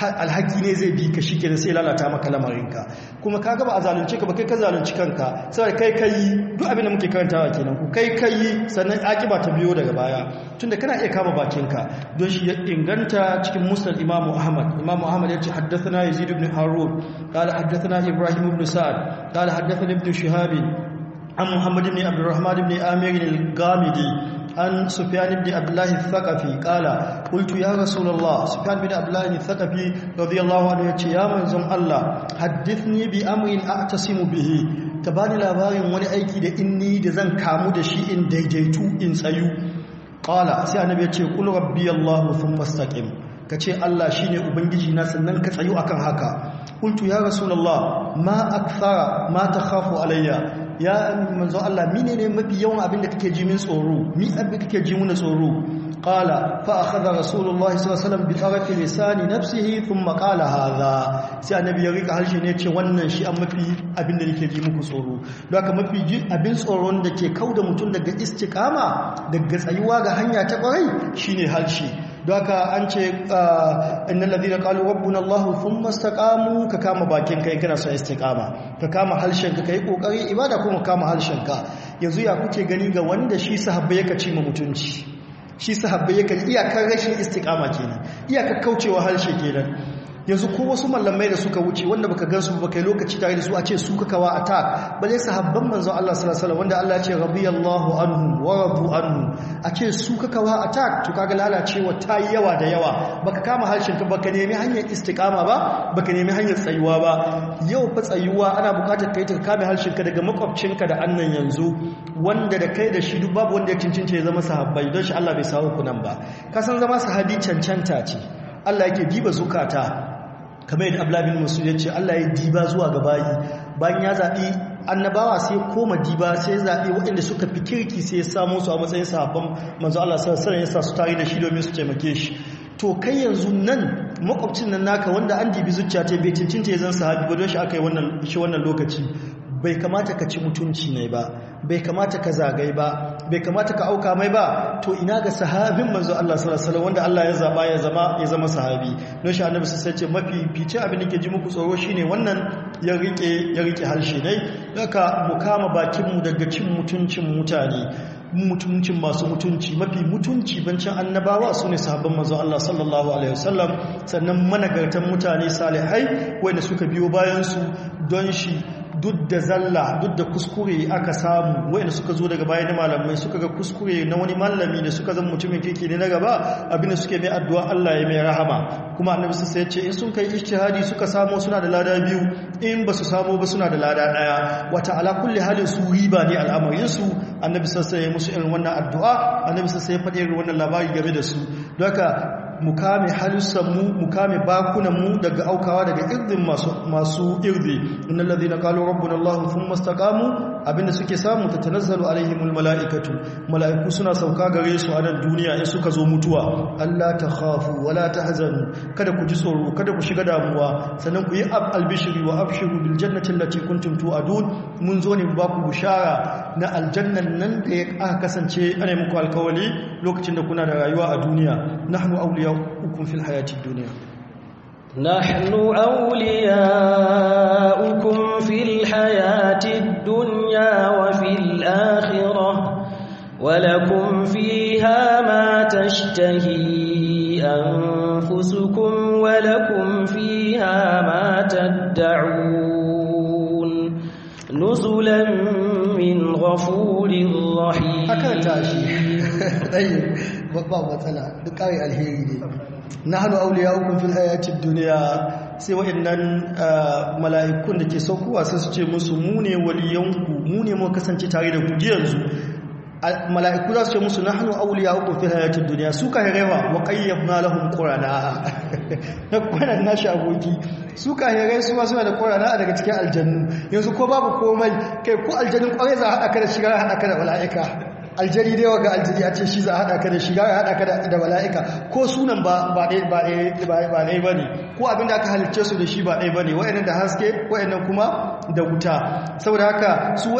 alhaki ne zai bi ka shi ke da sai lalata maka lamarinka kuma ka gaba a zalunce ka ba kai ka zalunci kanka sai kai kai duk abin da muke a kenan ku kai kai sannan akiba ta biyo daga baya tunda kana iya kama bakinka don shi ya inganta cikin musnad imamu ahmad imamu ahmad ya ce haddathana yazid ibn harun qala haddathana ibrahim ibn sa'ad qala haddathana ibn shihab an muhammad ibn abdurrahman ibn amir al-gamidi an sufyan ibn abdullah al-thaqafi qala qultu ya rasulullah sufyan ibn abdullah al-thaqafi radiyallahu anhu yace ya manzon allah hadithni bi amrin a'tasimu ta bani labarin wani aiki da inni da zan kamu da shi in daidaitu in tsayu ƙala sai annabi yace qul rabbi allah thumma istaqim kace allah shine ubangiji na sannan ka tsayu akan haka qultu ya rasulullah ma mata kafu takhafu alayya ya manzo Allah mine ne mafi yawan abin da kake ji min tsoro mi abin kake ji mun tsoro qala fa akhadha rasulullah sallallahu alaihi wasallam bi tarfi lisani nafsihi thumma qala hadha sai annabi ya rika harshe ne ce wannan shi an mafi abin da nake ji muku tsoro don haka mafi ji abin tsoron da ke kauda mutum daga istiqama daga tsayuwa ga hanya ta kwarai shine harshe doka an ce ah, innal kalu qalu rabbuna allah thumma istaqamu ka kama bakin kai kana son kama. ka kama halshen ka yi kokari ibada kuma kama halshen ka yanzu ya kuke gani ga wanda shi sahabbai ya ci ma mutunci shi sahabbai yake iyakar rashin istiqama kenan iyakar kaucewa harshe kenan yanzu ko wasu mallamai da suka wuce wanda baka gansu ba kai lokaci tare da su a ce su wa ata bale sahabban manzon Allah sallallahu alaihi wanda Allah ya ce rabbiyallahu anhum wa rabbu anhum a ce su wa ata to kaga lalacewa ta yawa da yawa baka kama harshen ka baka nemi hanyar istiqama ba baka nemi hanyar tsayuwa ba yau fa tsayuwa ana bukatar kai ta kame harshen ka daga ka da annan yanzu wanda da kai da shi duk babu wanda ya cincince ya zama sahabbai don shi Allah bai sawo ku nan ba kasan zama sahabi cancanta ce Allah yake giba zukata kamar yadda abla bin musul ya ce Allah ya diba zuwa ga bayi bayan ya zaɓi annabawa sai koma diba sai ya zaɓi waɗanda suka fi kirki sai ya samu su a matsayin sahabban manzo Allah sai alaihi ya sa su tare da shi domin su taimake shi to kai yanzu nan makwabcin nan naka wanda an dibi zuciya ta bai cincinta ya zan sahabi ba don shi aka yi wannan shi wannan lokaci bai kamata ka ci mutunci ne ba bai kamata ka zagai ba bai kamata ka auka mai ba to ina ga sahabin manzo Allah sallallahu alaihi wanda Allah ya zaba ya zama ya zama sahabi no shi annabi sai ce mafi fice abin da ke ji muku tsoro shine wannan ya rike ya rike harshe dai haka mu kama bakin mu daga cin mutuncin mutane mutuncin masu mutunci mafi mutunci bancin annabawa su ne sahabban manzo Allah sallallahu alaihi wasallam sannan managartan mutane salihai wanda suka biyo bayan su don shi duk da zalla duk da kuskure aka samu wayanda suka zo daga bayan malamai suka ga kuskure na wani malami da suka zama mutumin kirki ne na gaba abin da suke mai addu'a Allah ya mai rahama kuma annabi sai ya ce in sun kai ijtihadi suka samu suna da lada biyu in ba su samu ba suna da lada daya wata ala kulli halin su riba ne al'amarin su annabi sai ya musu irin wannan addu'a annabi sai ya faɗi irin wannan labari game da su don haka mu kame halissanmu mu kame mu daga aukawa daga irdin masu irdi innal kalo qalu rabbuna allah thumma istaqamu abinda suke samu ta tatanazzalu alaihimul malaikatu malaiku suna sauka gare su a nan duniya in suka zo mutuwa allah takhafu wala tahzanu kada ku ji tsoro kada ku shiga damuwa sannan ku yi albishiri wa abshiru bil jannati allati kuntum tu'adun mun zo ne ba ku na aljannan nan da ya aka kasance ana yi muku alkawali lokacin da kuna da rayuwa a duniya na hannu auliya awliyaukum fil hayatid dunya nahnu awliyaukum fil hayatid dunya wa fil akhirah ولكم فيها ما تشتهي أنفسكم ولكم فيها ما تدعون نزلا من غفور رحيم أكلت شيء طيب بابا مثلا دقاوي الهيري دي نحن أولياؤكم في الحياة duniya sai waɗannan mala'ikun da ke saukowa sai su ce musu mu ne waliyanku mu ne mu kasance tare da ku yanzu mala'iku za su ce musu na nahnu awliya'ukum fil hayatid duniya su ka rewa wa qayyabna lahum qurana na kwanan nashi aboki su kahirai su ma suna da korana a daga cikin aljannu yanzu ko babu komai kai ko aljannun kwarai za a haɗa ka da shigar haɗa ka da wala'ika. aljari dai waga aljari a ce shi za a hada ka da shiga a hada ka da mala'ika ko sunan ba ɗaya ba ne ko abinda aka halicce su da shi ba ɗaya ba ne wa'annan da haske wa'annan kuma da wuta saboda haka su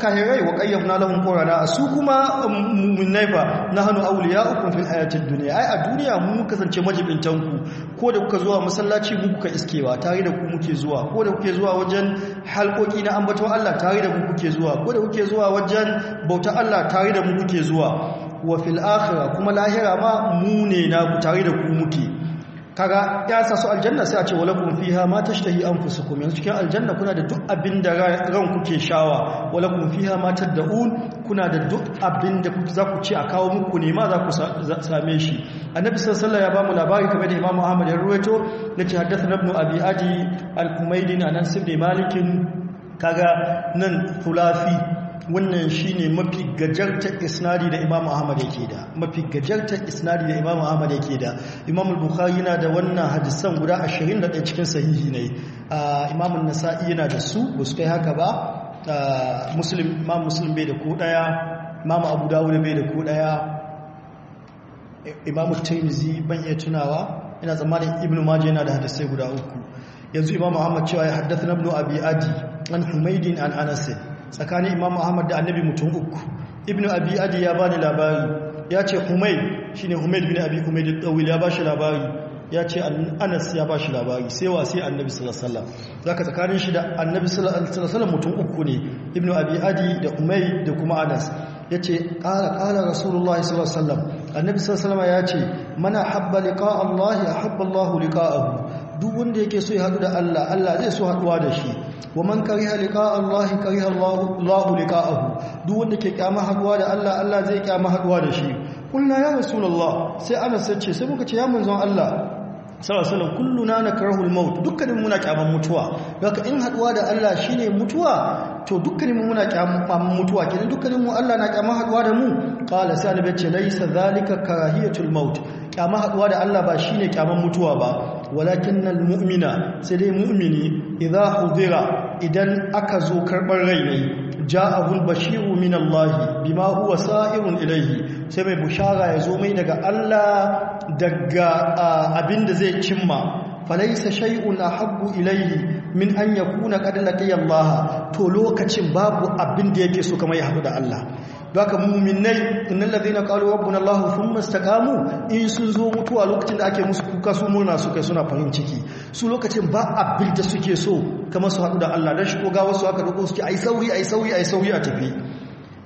kahirai wa ƙayyar na lahun ƙorana su kuma um, mummunai na hannu ya ukun fil hayatun duniya ai a duniya mu kasance majibintanku ko da kuka zuwa masallaci mu kuka iskewa tare da ku muke zuwa ko da kuke zuwa wajen halkoki na ambaton Allah tare da ku kuke zuwa ko da kuke zuwa wajen bauta Allah tare tare da mu kuke zuwa wa fil akhirah kuma lahira ma mu ne na ku tare da ku muke kaga ya sa su aljanna sai a ce walakum fiha ma tashtahi anfusukum yanzu cikin aljanna kuna da duk abin da ran kuke shawa walakum fiha ma tad'un kuna da duk abin da za ku ci a kawo muku ne ma za ku same shi annabi sallallahu alaihi ya bamu labari kamar da imamu ahmad ya ruwaito nace haddathana ibn abi adi al-humaydi an sibni malikin kaga nan thulafi wannan shi ne mafi gajartar isnadi da Imam Ahmad ke da mafi gajartar isnadi da Imam Ahmad ke da imamu bukari bukhari yana da wannan hadisan guda 21 cikin sahihi ne a imamu nasai yana da su ba su kai haka ba Muslim Imam Muslim bai da ko daya imamu Abu Dawud bai da ko daya imamu Tirmidhi ban iya tunawa ina tsammanin Ibn Majah yana da hadisai guda uku yanzu Imam Ahmad cewa ya haddathana Ibn Abi Adi an Humaydin an Anas tsakanin imam ahmad da annabi mutum uku ibn abi adi ya bani labari ya ce humaid shine humaid bin abi humaid da dawil ya bashi labari ya ce anas ya bashi labari sai wa sai annabi sallallahu alaihi wasallam zaka tsakanin shi da annabi sallallahu alaihi wasallam mutum uku ne ibn abi adi da humaid da kuma anas yace qala qala rasulullah sallallahu alaihi wasallam annabi sallallahu alaihi wasallam ya ce mana habba liqa allah ahabba allah liqa'ahu duk wanda yake so ya haɗu da Allah Allah zai so haɗuwa da shi wa man kariha liqa Allah kariha Allah liqa'ahu duk wanda ke kyama haɗuwa da Allah Allah zai kyama haɗuwa da shi kullu ya rasulullah sai Anas ya sai muka ce ya manzon Allah sallallahu kulluna nakrahul maut dukkanin muna kyaman mutuwa haka in haduwa da Allah ne mutuwa to dukkanin muna kyaman mutuwa kenan dukkanin mu Allah na kyaman haduwa da mu qala sai annabi ce laysa zalika karahiyatul maut kyaman haduwa da Allah ba ne kyaman mutuwa ba walakinnal mu'mina sai dai mu'mini idza hudira idan aka zo karɓar rai ne ja'ahul bashiru min Allah bima huwa sa'irun ilayhi sai mai bushara ya zo mai daga Allah daga abinda zai cimma falaysa shay'un ahabbu ilayhi min an yakuna qadallati Allah to lokacin babu abinda yake so kamar ya hadu da Allah baka muminai innal ladina qalu rabbuna allah thumma istaqamu in sun zo mutuwa lokacin da ake musu kuka su murna suka suna farin ciki su lokacin ba abin da suke so kamar su haɗu da allah dan shi ko ga wasu aka doko suke ai sauri ai sauri ai sauri a tafi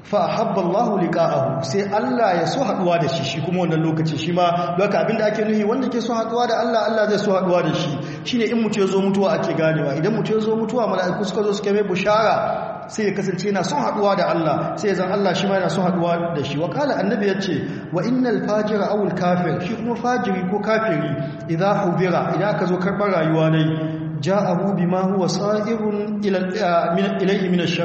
fa habba Allah liqa'ahu sai Allah ya so haduwa da shi shi kuma wannan lokacin shi ma baka abinda ake nuhi wanda ke so haduwa da Allah Allah zai so haduwa da shi shine in mutu zo mutuwa ake ganewa idan mutu zo mutuwa mala'iku suka zo suka mai bushara sai ya kasance yana son haduwa da Allah sai zan Allah shi ma yana son haduwa da shi wa kala annabi yace wa innal fajira aw al kafir shi kuma fajiri ko kafiri idza hubira idan ka zo karbar rayuwa ne ja'ahu bima huwa sa'irun ila min ilayhi min ash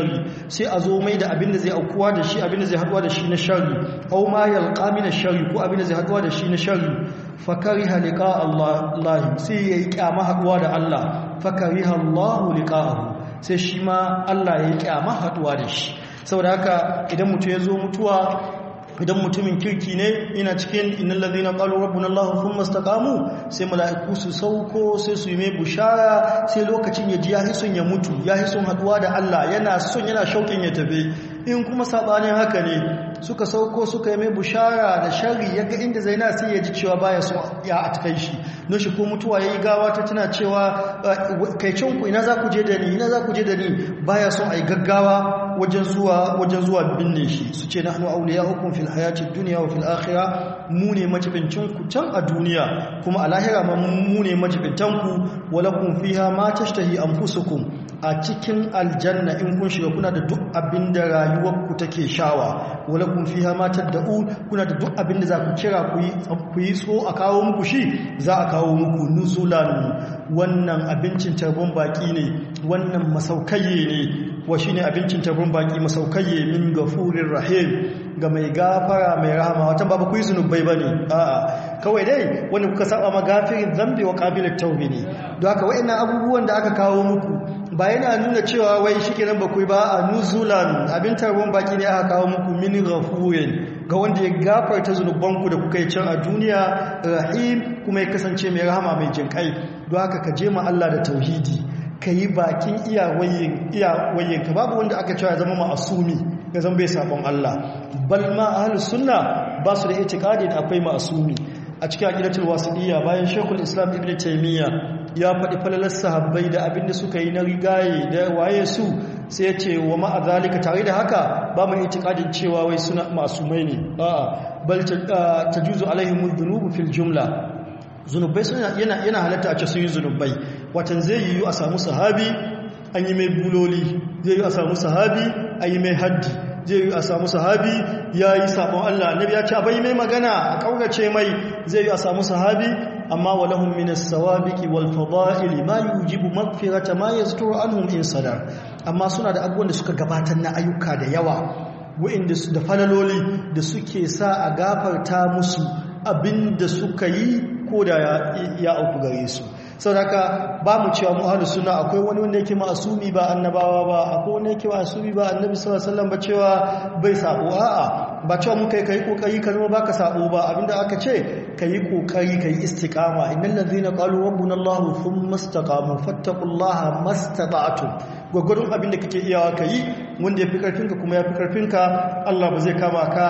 sai azo mai da abinda zai aukuwa da shi abin zai haduwa da shi na sharri aw ma yalqa min ash ko abinda zai haduwa da shi na sharri fa kariha liqa Allah sai yayi kyama haduwa da Allah fa kariha Allah liqa'ahu sai shi ma Allah ya yi kyama haduwa da shi saboda haka idan mutu ya zo mutuwa idan mutumin kirki ne ina cikin innal na qalu na allah thumma mastakamu sai mala'iku su sauko sai su yi mai bushara sai lokacin ya ji ya hisun ya mutu ya son haɗuwa da Allah yana son yana shaukin ya tafi in kuma saɓanin haka ne suka sauko suka yi mai bushara da shari ya ga inda zaina sai ya ji cewa baya so ya atkai shi no shi ko mutuwa yayi gawa ta tana cewa eh, kai ku ina za ku je da ni ina za ku je da ni baya so ai gaggawa wajen zuwa binne shi su ce nahnu awliya'ukum fil hayati dunya wa fil akhirah mu ne majibincin ku can a duniya kuma a lahira ma mu ne majibincin ku walakum fiha ma tashtahi anfusukum a cikin aljanna in kun shiga kuna da duk abin da rayuwarku take shawa wala kun fiha ma tad'u kuna da duk abin da za ku kira ku yi ku so a kawo muku shi za a kawo muku nuzulan wannan abincin tarbon baki ne wannan masaukaye ne wa shine abincin tarbon baki masaukaye min gafurir rahim ga mai gafara mai rahama Wata babu ku yi zunubai bane a'a kawai dai wani kuka saba magafirin gafirin zambi wa kabilar tawbi ne don haka wayannan abubuwan da aka kawo muku ba yana nuna cewa wai shikenan ba ba a nuzulan abin tarbon baki ne aka kawo muku mini ghafurin ga wanda ya gafarta zunubanku da kuka yi can a duniya rahim kuma ya kasance mai rahama mai jinkai don haka ka je ma Allah da tauhidi ka yi bakin iyawayin ka babu wanda aka cewa ya zama ma'asumi ya zama bai sabon Allah bal ma ahlus sunna ba su da itikadi da akwai ma'asumi a cikin aqidatul wasidiyya bayan shekul islam ibn taymiya ya faɗi falalar sahabbai da abin da suka yi na rigaye da waye su sai ya ce wa ma'a tare da haka ba mu itikadin cewa wai suna mai ne a'a bal tajuzu alaihimul dhunubu fil jumla zunubai suna yana yana halatta a ce sun yi zunubai watan zai yiwu a samu sahabi an yi mai buloli zai yiwu a samu sahabi an yi mai haddi zai a samu sahabi ya yi sabon Allah annabi ya ce abai mai magana a kaugace mai zai a samu sahabi amma walahum min as-sawabiqi wal fada'il ma yujibu maghfirata ma yasturu anhum in sadar amma suna da abubuwan da suka gabatar na ayyuka da yawa wa'inda da falaloli da suke sa a gafarta musu abinda suka yi ko da ya auku gare su sau ba mu cewa mu ahalu suna akwai wani wanda yake ma'asumi ba annabawa ba akwai wanda yake ma'asumi ba annabi sallallahu alaihi wasallam ba cewa bai sabo a'a ba cewa mun kai kai kokari ka zama baka sabo ba abinda aka ce kai kokari kai istiqama innal ladzina qalu rabbuna allah thumma istaqamu fattaqullaha mastata'tum gwagwarin abinda kake iyawa kai wanda ya fi karfinka kuma ya fi karfinka Allah ba zai kama ka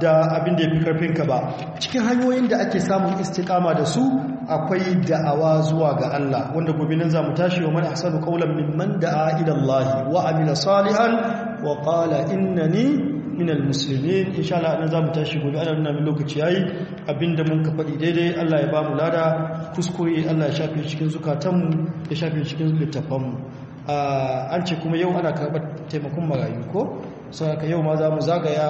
da abin da ya fi karfinka ba cikin hanyoyin da ake samun istiqama da su akwai da'awa zuwa ga Allah wanda gobe nan za mu tashi wa man ahsanu qawlan mimman da'a ila Allah wa amila salihan wa qala innani minal musulmin insha Allah za mu tashi gobe ana nuna min lokaci yayi abinda mun ka faɗi daidai Allah ya ba mu lada kuskure Allah ya shafe cikin zukatanmu ya shafe cikin littafanmu an ce kuma yau ana karɓar taimakon marayu ko saboda yau ma za mu zagaya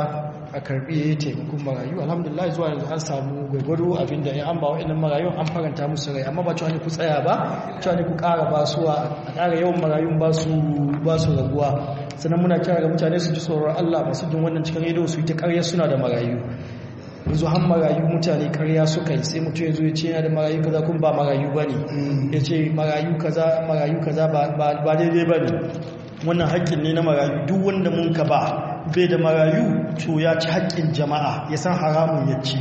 a karɓi taimakon marayu alhamdulillah zuwa yanzu an samu gwagwaro abinda ya an ba wa'in marayu an faranta musu rai amma ba cewa ne ku tsaya ba cewa ne ku ƙara ba su a ƙara yawan marayu ba su raguwa sannan muna kira ga mutane su ji tsoron Allah masu jin wannan cikin rediyo su yi ta ƙarya suna da marayu yanzu han marayu mutane karya suka yi sai mutum ya zo ya ce yana da marayu kaza kun ba marayu ba ne mm. ya ce marayu kaza marayu kaza ba daidai ba ne wannan haƙƙin ne na marayu duk wanda mun ka ba bai da marayu to ya ci haƙƙin jama'a ya san haramun ya ci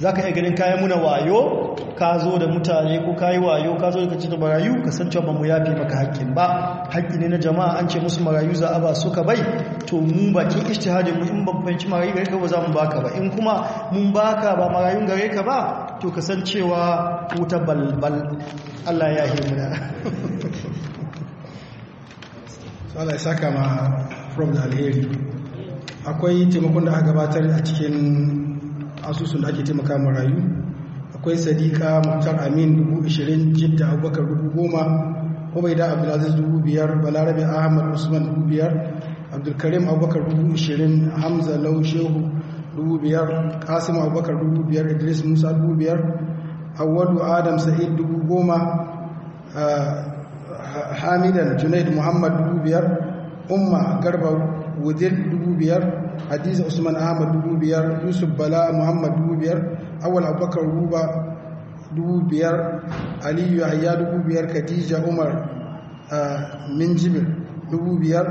za ka iya ganin kayan muna wayo ka zo da mutane ko kayi wayo ka zo da kacin da marayu ka san cewa ba mu yafe maka haƙƙin ba haƙƙi ne na jama'a an ce musu marayu za a ba su ka bai to mu bakin ijtihadin mu in ba banci marayu gare ka ba za mu baka ba in kuma mun baka ba marayu gare ka ba to ka san cewa wuta balbal Allah ya yi muna alheri akwai taimakon da aka gabatar a cikin asusun da ake taimaka marayu akwai sadika muktar amin dubu ishirin jidda abubakar dubu goma ubaida abdulaziz dubu biyar balarabe ahmad usman dubu biyar abdulkarim abubakar dubu ishirin hamza lau shehu dubu biyar kasimu abubakar dubu biyar idris musa dubu biyar awadu adam sa'id dubu goma ah, hamidan junaid muhammad dubu biyar umma garba wudil dubu biyar hadiza usman ahmad dubu biyar yusuf bala muhammad dubu biyar awal abubakar ruba dubu biyar aliyu yahya dubu biyar khadija umar minjibir dubu biyar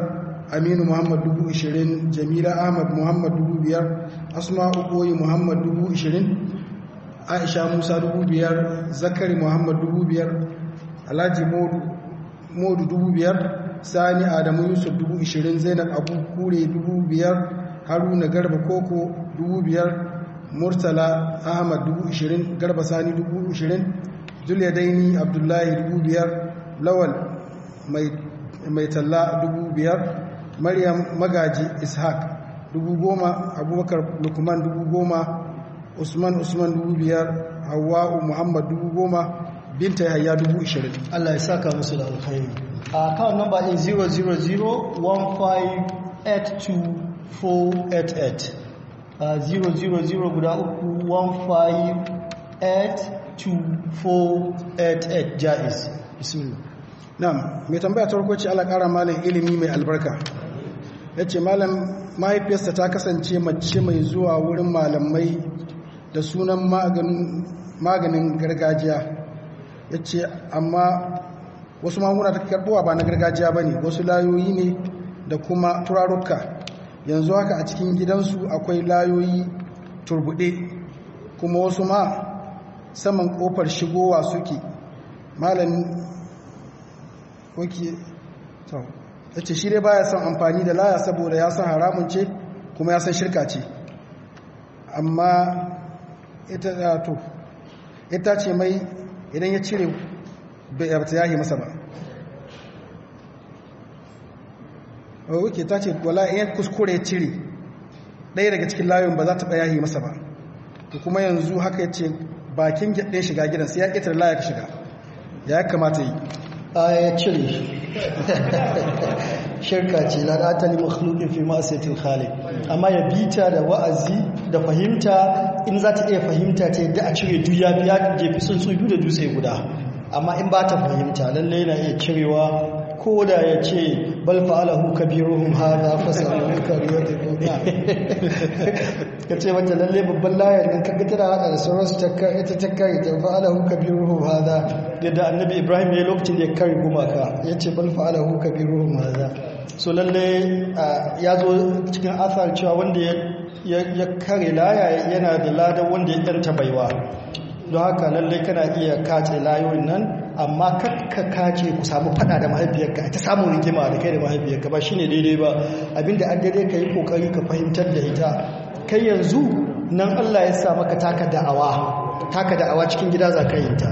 aminu muhammad dubu ishirin jamila ahmad muhammad dubu biyar asma ukoyi muhammad dubu ishirin aisha musa dubu biyar zakari muhammad dubu biyar alhaji modu dubu biyar sani adamu yusuf dubu ishirin zainab abu kure dubu biyar haruna garba koko 5,000 murtala ahmad 20,000 garba sani 20,000 daini abdullahi 5,000 lawal mai talla 5,000 maryam magaji ishaq 10,000 abubakar lukman 10,000 usman usman 5,000 hawa'u muhammad 10,000 binta ya yahaya 20 allah ya saka musu da alkhairi account number is 488 000 uh, guda uku 158288 jaiz bismillah na'am mai tambaya ta farko ce Allah ƙara malam ilimi mai albarka yace malam mahaifiyarsa ta kasance mace mai zuwa wurin malamai da sunan maganin gargajiya yace amma wasu magunguna ta karbowa ba na gargajiya bane wasu layoyi ne da kuma turaruka yanzu haka a cikin gidansu akwai layoyi turbuɗe kuma wasu ma saman ƙofar shigowa suke malamin oke ta ce shi dai ba ya son amfani da laya saboda ya san haramun ce kuma ya san shirka ce amma ita to ita ce mai idan ya cire bai ta yahi masa ba oke ta ce wala iya kuskure cire ɗaya daga cikin layon ba za ta ɓaya yi masa ba to kuma yanzu haka ya ce bakin gyaɗe shiga gidan sai ya ƙetare ka shiga ya kamata yi a ya cire shirka ce lalata ne makhlukin fi ma'siyatil khali amma ya bita da wa'azi da fahimta in za ta iya fahimta ta yadda a cire duk ya biya jefi sun tsudu da dutse guda amma in ba ta fahimta lallai na iya cirewa ko da ya ce bal fa'alahu kabiruhum hadha fasalul kariyati dunya kace wata lalle babban layar nan kaga tana hada da sauran su takka ita takka ita fa'alahu kabiruhum hada da annabi Ibrahim ya lokacin da ya kare gumaka yace bal fa'alahu kabiruhum hada so lalle ya zo cikin asar cewa wanda ya kare laya yana da ladan wanda ya danta baiwa don haka lallai kana iya kace layoyin nan amma kakka kace ku samu fada da mahaifiyarka ta samu rigima da kai da mahaifiyarka ba shine daidai ba abinda an daidai ka yi kokari ka fahimtar da ita kai yanzu nan Allah ya sa maka taka da'awa taka da'awa cikin gida za ka yi ta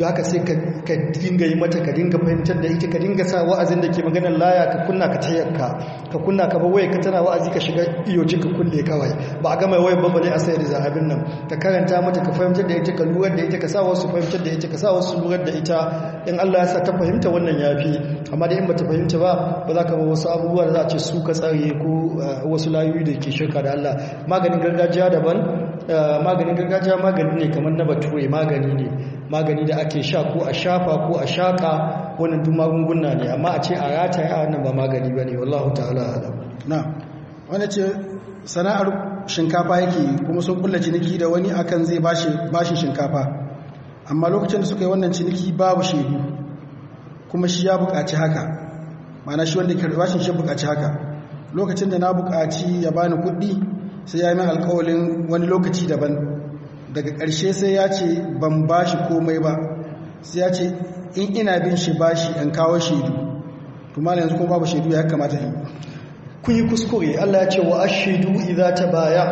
don haka sai ka dinga yi mata ka dinga fahimtar da ita ka dinga sa wa'azin da ke maganar laya ka kunna ka tayarka ka kunna ka bawaye ka tana wa'azi ka shiga iyocin ka kulle kawai ba a gama wayan babbale a sayar da zahabin nan ka karanta mata ka fahimtar da ita ka lurar da ita ka sa wasu fahimtar da ita ka sa wasu lurar da ita in Allah ya sa ta fahimta wannan yafi amma da in bata fahimta ba ba za ka ba wasu abubuwa da za a ce su ka tsare ko eh, wasu layoyi da ke shirka da Allah maganin gargajiya daban eh, maganin gargajiya magani ne kamar na bature magani ne magani da ake sha ko a shafa ko a shaƙa wannan duk magunguna ne amma a ce a rata ya wannan ba magani ba ne wallahu ta'ala alam na wani ce sana'ar shinkafa yake kuma sun kulla ciniki da wani akan zai bashi shinkafa amma lokacin da suka yi wannan ciniki babu shaidu kuma shi ya buƙaci haka mana shi wanda karɓa shi shi buƙaci haka lokacin da na buƙaci ya bani kuɗi sai ya yi min alƙawalin wani lokaci daban daga ƙarshe sai ya ce ban ba shi komai ba sai ya ce in ina bin shi ba shi an kawo shaidu to yanzu kuma babu shaidu ya kamata yi kun yi kuskure Allah ya ce wa ashidu idza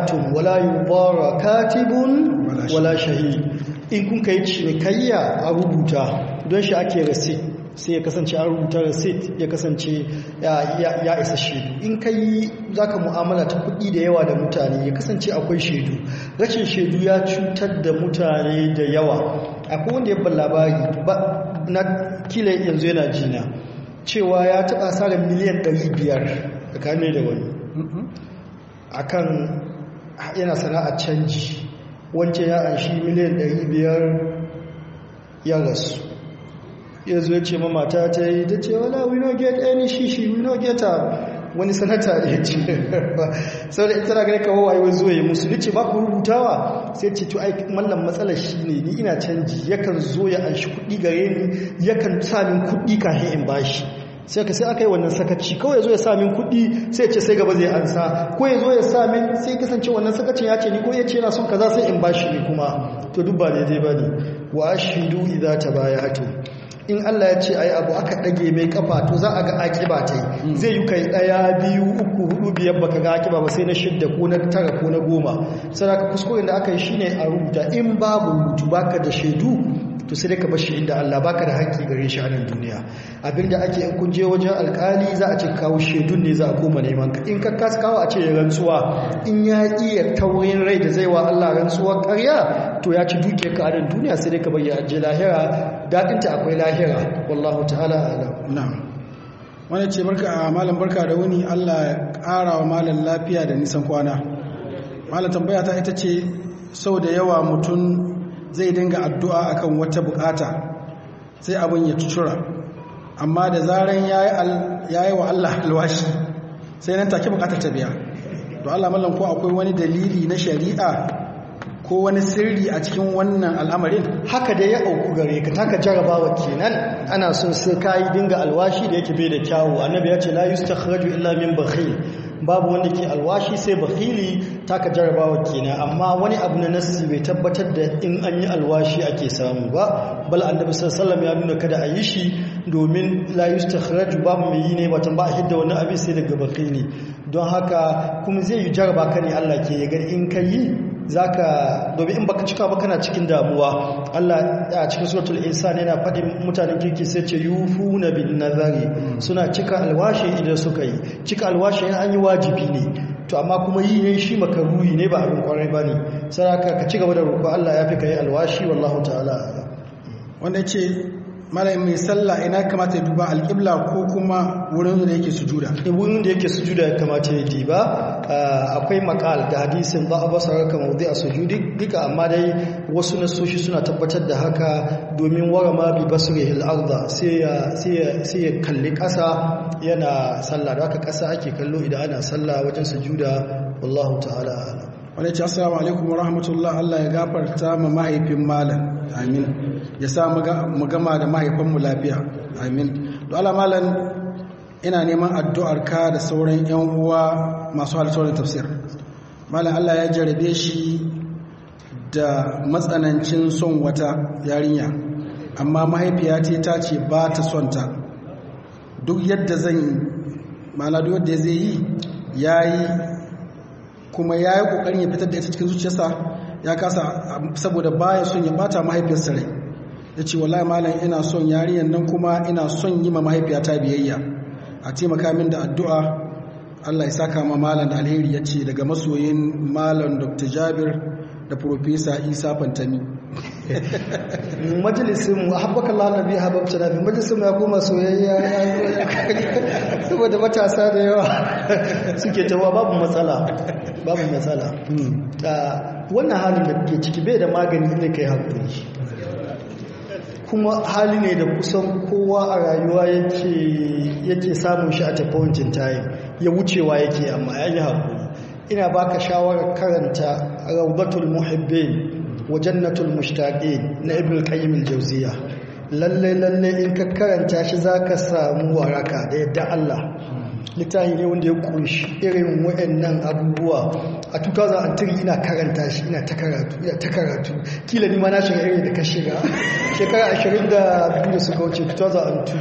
tun wala yubara katibun wala shahid in kun kai kayya a rubuta don shi ake receipt sai ya kasance an rubuta receipt ya kasance ya isa shaidu in ka yi za ka mu'amala ta kuɗi da yawa da mutane ya kasance akwai shaidu rashin shaidu ya cutar da mutane da yawa akwai wanda ya ban labari na kila yanzu yana jina cewa ya taɓa tsara miliyan 500 tsakanin da wani mm-hmm. a kan yana sana'a canji wancan ya shi miliyan 500 ya rasu ya zo ya ce ma mata ta yi ta ce wala we no get any shishi we no get a wani sanata ya ce sau da ita ragar kawo a yawon zuwa ya musu ce ba ku rubutawa sai ce to ai mallan matsalar shi ne ni ina canji yakan zo ya anshi kuɗi gare ni yakan sa min kuɗi kafin in bashi sai ka sai aka yi wannan sakaci kawai ya zo ya sa min kuɗi sai ce sai gaba zai ansa ko ya zo ya sa min sai kasance wannan sakacin ya ce ni ko ya ce yana son kaza sai in bashi ne kuma to duk ba daidai ba ne wa ta baya tabayatu in Allah ya ce ai abu aka dage mai kafa to za a ga akiba ta yi hmm. zai yi kai daya biyu uku hudu biyar baka ga akiba ba sai na shidda ko na tara ko na goma Sadaka ka kuskuren da aka yi shine a rubuta in babu rubutu baka da shaidu to sai ka bar shi inda Allah baka da haƙƙi gare shi a nan duniya abinda ake in kun je wajen alƙali za a ce kawo shedun ne za a koma neman ka in ka kasa kawo a ce ya rantsuwa in ya iya taurin rai da zai wa Allah rantsuwa ƙarya to ya ci duke ka a nan duniya sai dai ka bayyana ajiye lahira daɗinta akwai lahira wallahu ta'ala na'am wani ce barka ah, malam barka da wuni Allah ya ƙara wa malam lafiya da nisan kwana malam tambaya ta ita ce sau da yawa mutum zai dinga addu'a a kan wata bukata sai abin ya cucura amma da zaren ya yi wa Allah alwashi sai nan take bukatar ta biya to Allah mallan ko akwai wani dalili na shari'a ko wani sirri a cikin wannan al'amarin haka dai ya auku gare ka taka jarabawa kenan ana son sai kayi dinga alwashi da yake bai da kyawu annabi ya ce la yustakhraju illa min bakhil babu wanda ke alwashi sai bakili taka jarabawa kenan amma wani abu na nassi bai tabbatar da in an yi alwashi ake samu ba bal annabi sallallahu ya nuna kada a yi shi domin la yustakhraju babu mai yi ne watan ba a hidda wani abin sai daga bakili don haka kuma zai yi jaraba ka ne Allah ke ya ga in ka yi zaka domin in baka cika ba kana cikin damuwa Allah a cikin suratul insan yana faɗin mutanen kirki sai ce yufuna bin nazari mm. suna cika alwashi idan suka yi cika alwashi in an yi wajibi ne to amma kuma yi ne shi makaruhi ne ba abin kwarai ba ne saraka ka ci gaba da roƙo Allah ya fi ka yi alwashi wallahu ta'ala wanda ce malamin mai sallah ina kamata ya duba alƙibla ko kuma wurin da yake sujuda eh, wurin da yake sujuda ya kamata ya ba ah, akwai makal da hadisin ba a basa raka mawdi a sujudi duka amma dai wasu na nasoshi suna tabbatar da haka domin wara ma bi ya hil arda sai ya kalli ƙasa yana sallah da haka ƙasa ake kallo idan ana sallah wajen sujuda wallahu ta'ala wani ce assalamu alaikum wa rahmatullah Allah ya gafarta ma mahaifin malam amin ya sa mu gama da mahaifinmu lafiya amin to alamalan ina neman addu'ar ka da sauran yan uwa masu halittar tafsir malam Allah ya jarabe shi da matsanancin son wata yarinya amma mahaifiya ce ta ce ba ta son ta duk yadda zan yi ma'ana duk yadda zai yi ya yi kuma ya yi ƙoƙarin ya fitar da ita cikin zuciyarsa ya kasa saboda baya son ya bata mahaifiyarsa rai ya ce wallahi malam ina son yarinyar nan kuma ina son yi ma mahaifiyata biyayya a taimaka min da addu'a Allah ya saka ma malam da alheri ya ce daga masoyin malam Dr. Jabir da Profesa Isa Fantami a haɓaka lalabi a na bi majalisinmu ya koma soyayya ya yi saboda matasa da yawa suke tawa babu matsala babu matsala hmm. wannan halin da ke ciki bai da magani ne kai haƙuri kuma hali ne da kusan kowa a rayuwa yake samun shi a tafawancin tayin ya wucewa yake amma ya yi haƙuri ina baka shawarar karanta raubatul muhibbin Wajen na mushtaqin na ibn al-qayyim al-jawziya lalle lalle in ka karanta shi zaka samu waraka da yadda Allah littafi ne wanda ya kunshi irin waɗannan abubuwa a 2003 ina karanta shi ina ta karatu ina ta karatu kila ni ma na shiga irin da ka shiga shekara 20 da biyu da suka wuce 2002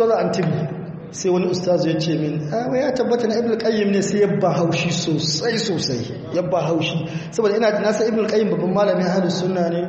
2003 sai wani ustazu ya ce min ah, wai ya tabbata na ibn qayyim ne sai yabba haushi sosai sosai yabba haushi saboda ina na san ibn qayyim babban malamin ahlus sunna ne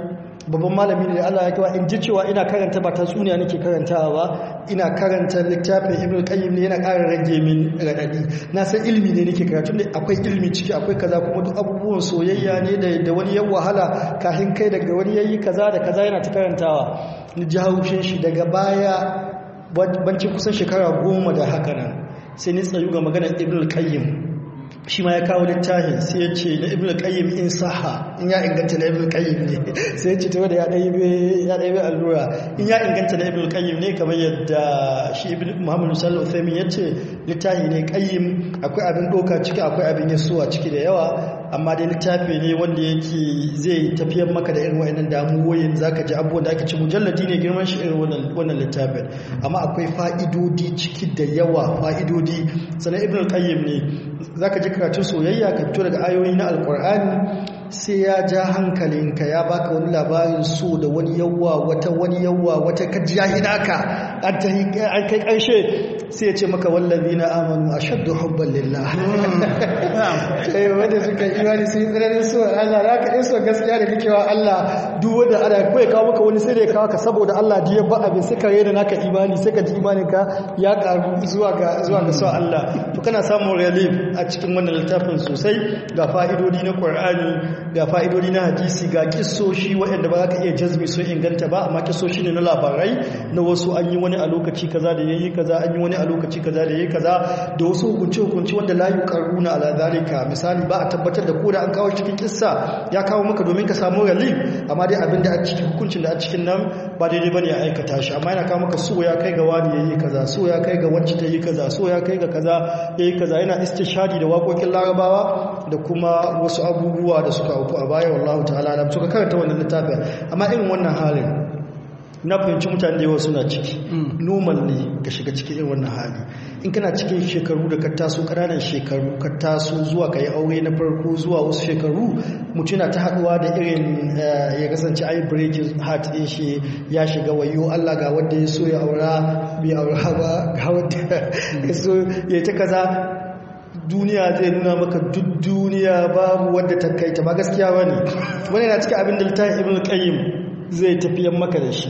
babban malami ne Allah ya kawo in ji cewa ina karanta ba ta tatsuniya nake karantawa ba ina karanta littafin ibn qayyim ne yana ƙara rage min radadi na san ilmi ne nake karatu ne akwai ilmi ciki akwai kaza kuma duk abubuwan soyayya ne da da wani yan wahala kafin kai daga wani yayi kaza da kaza yana ta karantawa ni ji haushin shi daga baya bancin kusan shekara goma da haka nan sai ni tsayu ga maganar ibn al-qayyim shi ma ya kawo littafin sai ya ce na ibn qayyim in saha in ya inganta na ibn qayyim ne sai ya ce to da ya dai ya allura in ya inganta na ibn qayyim ne kamar yadda shi ibn muhammad sallallahu alaihi wasallam ya ce littafi ne qayyim akwai abin doka ciki akwai abin yasuwa ciki da yawa amma dai littafi ne wanda yake zai tafiyar maka da irin wa'annan damuwoyin za ka ji abubuwan da aka ci mujalladi ne girman shi irin wannan littafin amma akwai fa'idodi ciki da yawa fa'idodi sannan ibn al-qayyim ne za ka ji karatun soyayya ka fito daga ayoyi na alkur'ani sai ya ja hankalinka ya baka wani labarin so da wani yawwa wata wani yawwa wata ka ji yahi an ta kai kanshe sai ya ce maka wallazi na amanu a shaddu hubban lillah sai eh, wanda suka yi wani sai tsananin so Allah ya ka iso gaskiya da kake wa Allah duk wanda ana ya kawo maka wani sai da ya kawo ka saboda Allah da ya ba abin sai ka rena naka imani sai ka ji imanin ka ya karu zuwa ga zuwa ga so Allah to kana samun relief a cikin wannan littafin sosai ga fa'idodi na Qur'ani ga fa'idodi na hadisi ga kisoshi waɗanda ba za ka iya jazmi sun inganta ba amma kisoshi ne na labarai na wasu an yi wani a lokaci kaza da yayi kaza an yi wani a lokaci kaza da yayi kaza da wasu hukunci hukunci wanda la na ala zalika misali ba a tabbatar da ko da an kawo cikin kisa ya kawo maka domin ka samu relief amma dai abin da a cikin hukuncin da a cikin nan ba daidai ne ya aikata shi amma yana kawo maka so ya kai ga wani yayi kaza so ya kai ga wacce ta yi kaza so ya kai ga kaza yayi kaza yana istishadi da waƙoƙin larabawa da kuma wasu abubuwa da suka auku a baya wallahu ta'ala da suka karanta wannan littafin amma irin wannan halin na fahimci mutane da yawa suna ciki mm. normal ne ka shiga cikin irin wannan hali in kana cikin shekaru da ka taso ƙananan shekaru ka taso zuwa ka yi aure na farko zuwa wasu shekaru mutum na ta haɗuwa da irin eh, ya kasance ai breaking heart ɗin shi ya shiga wayo Allah ga wanda ya so ya aura bai aura ba ga wanda ya so ya ta kaza duniya zai nuna maka duk duniya babu wadda ta kai ta ba gaskiya ba ne wani na cikin abin da littafi ibn qayyim zai tafiyan maka da shi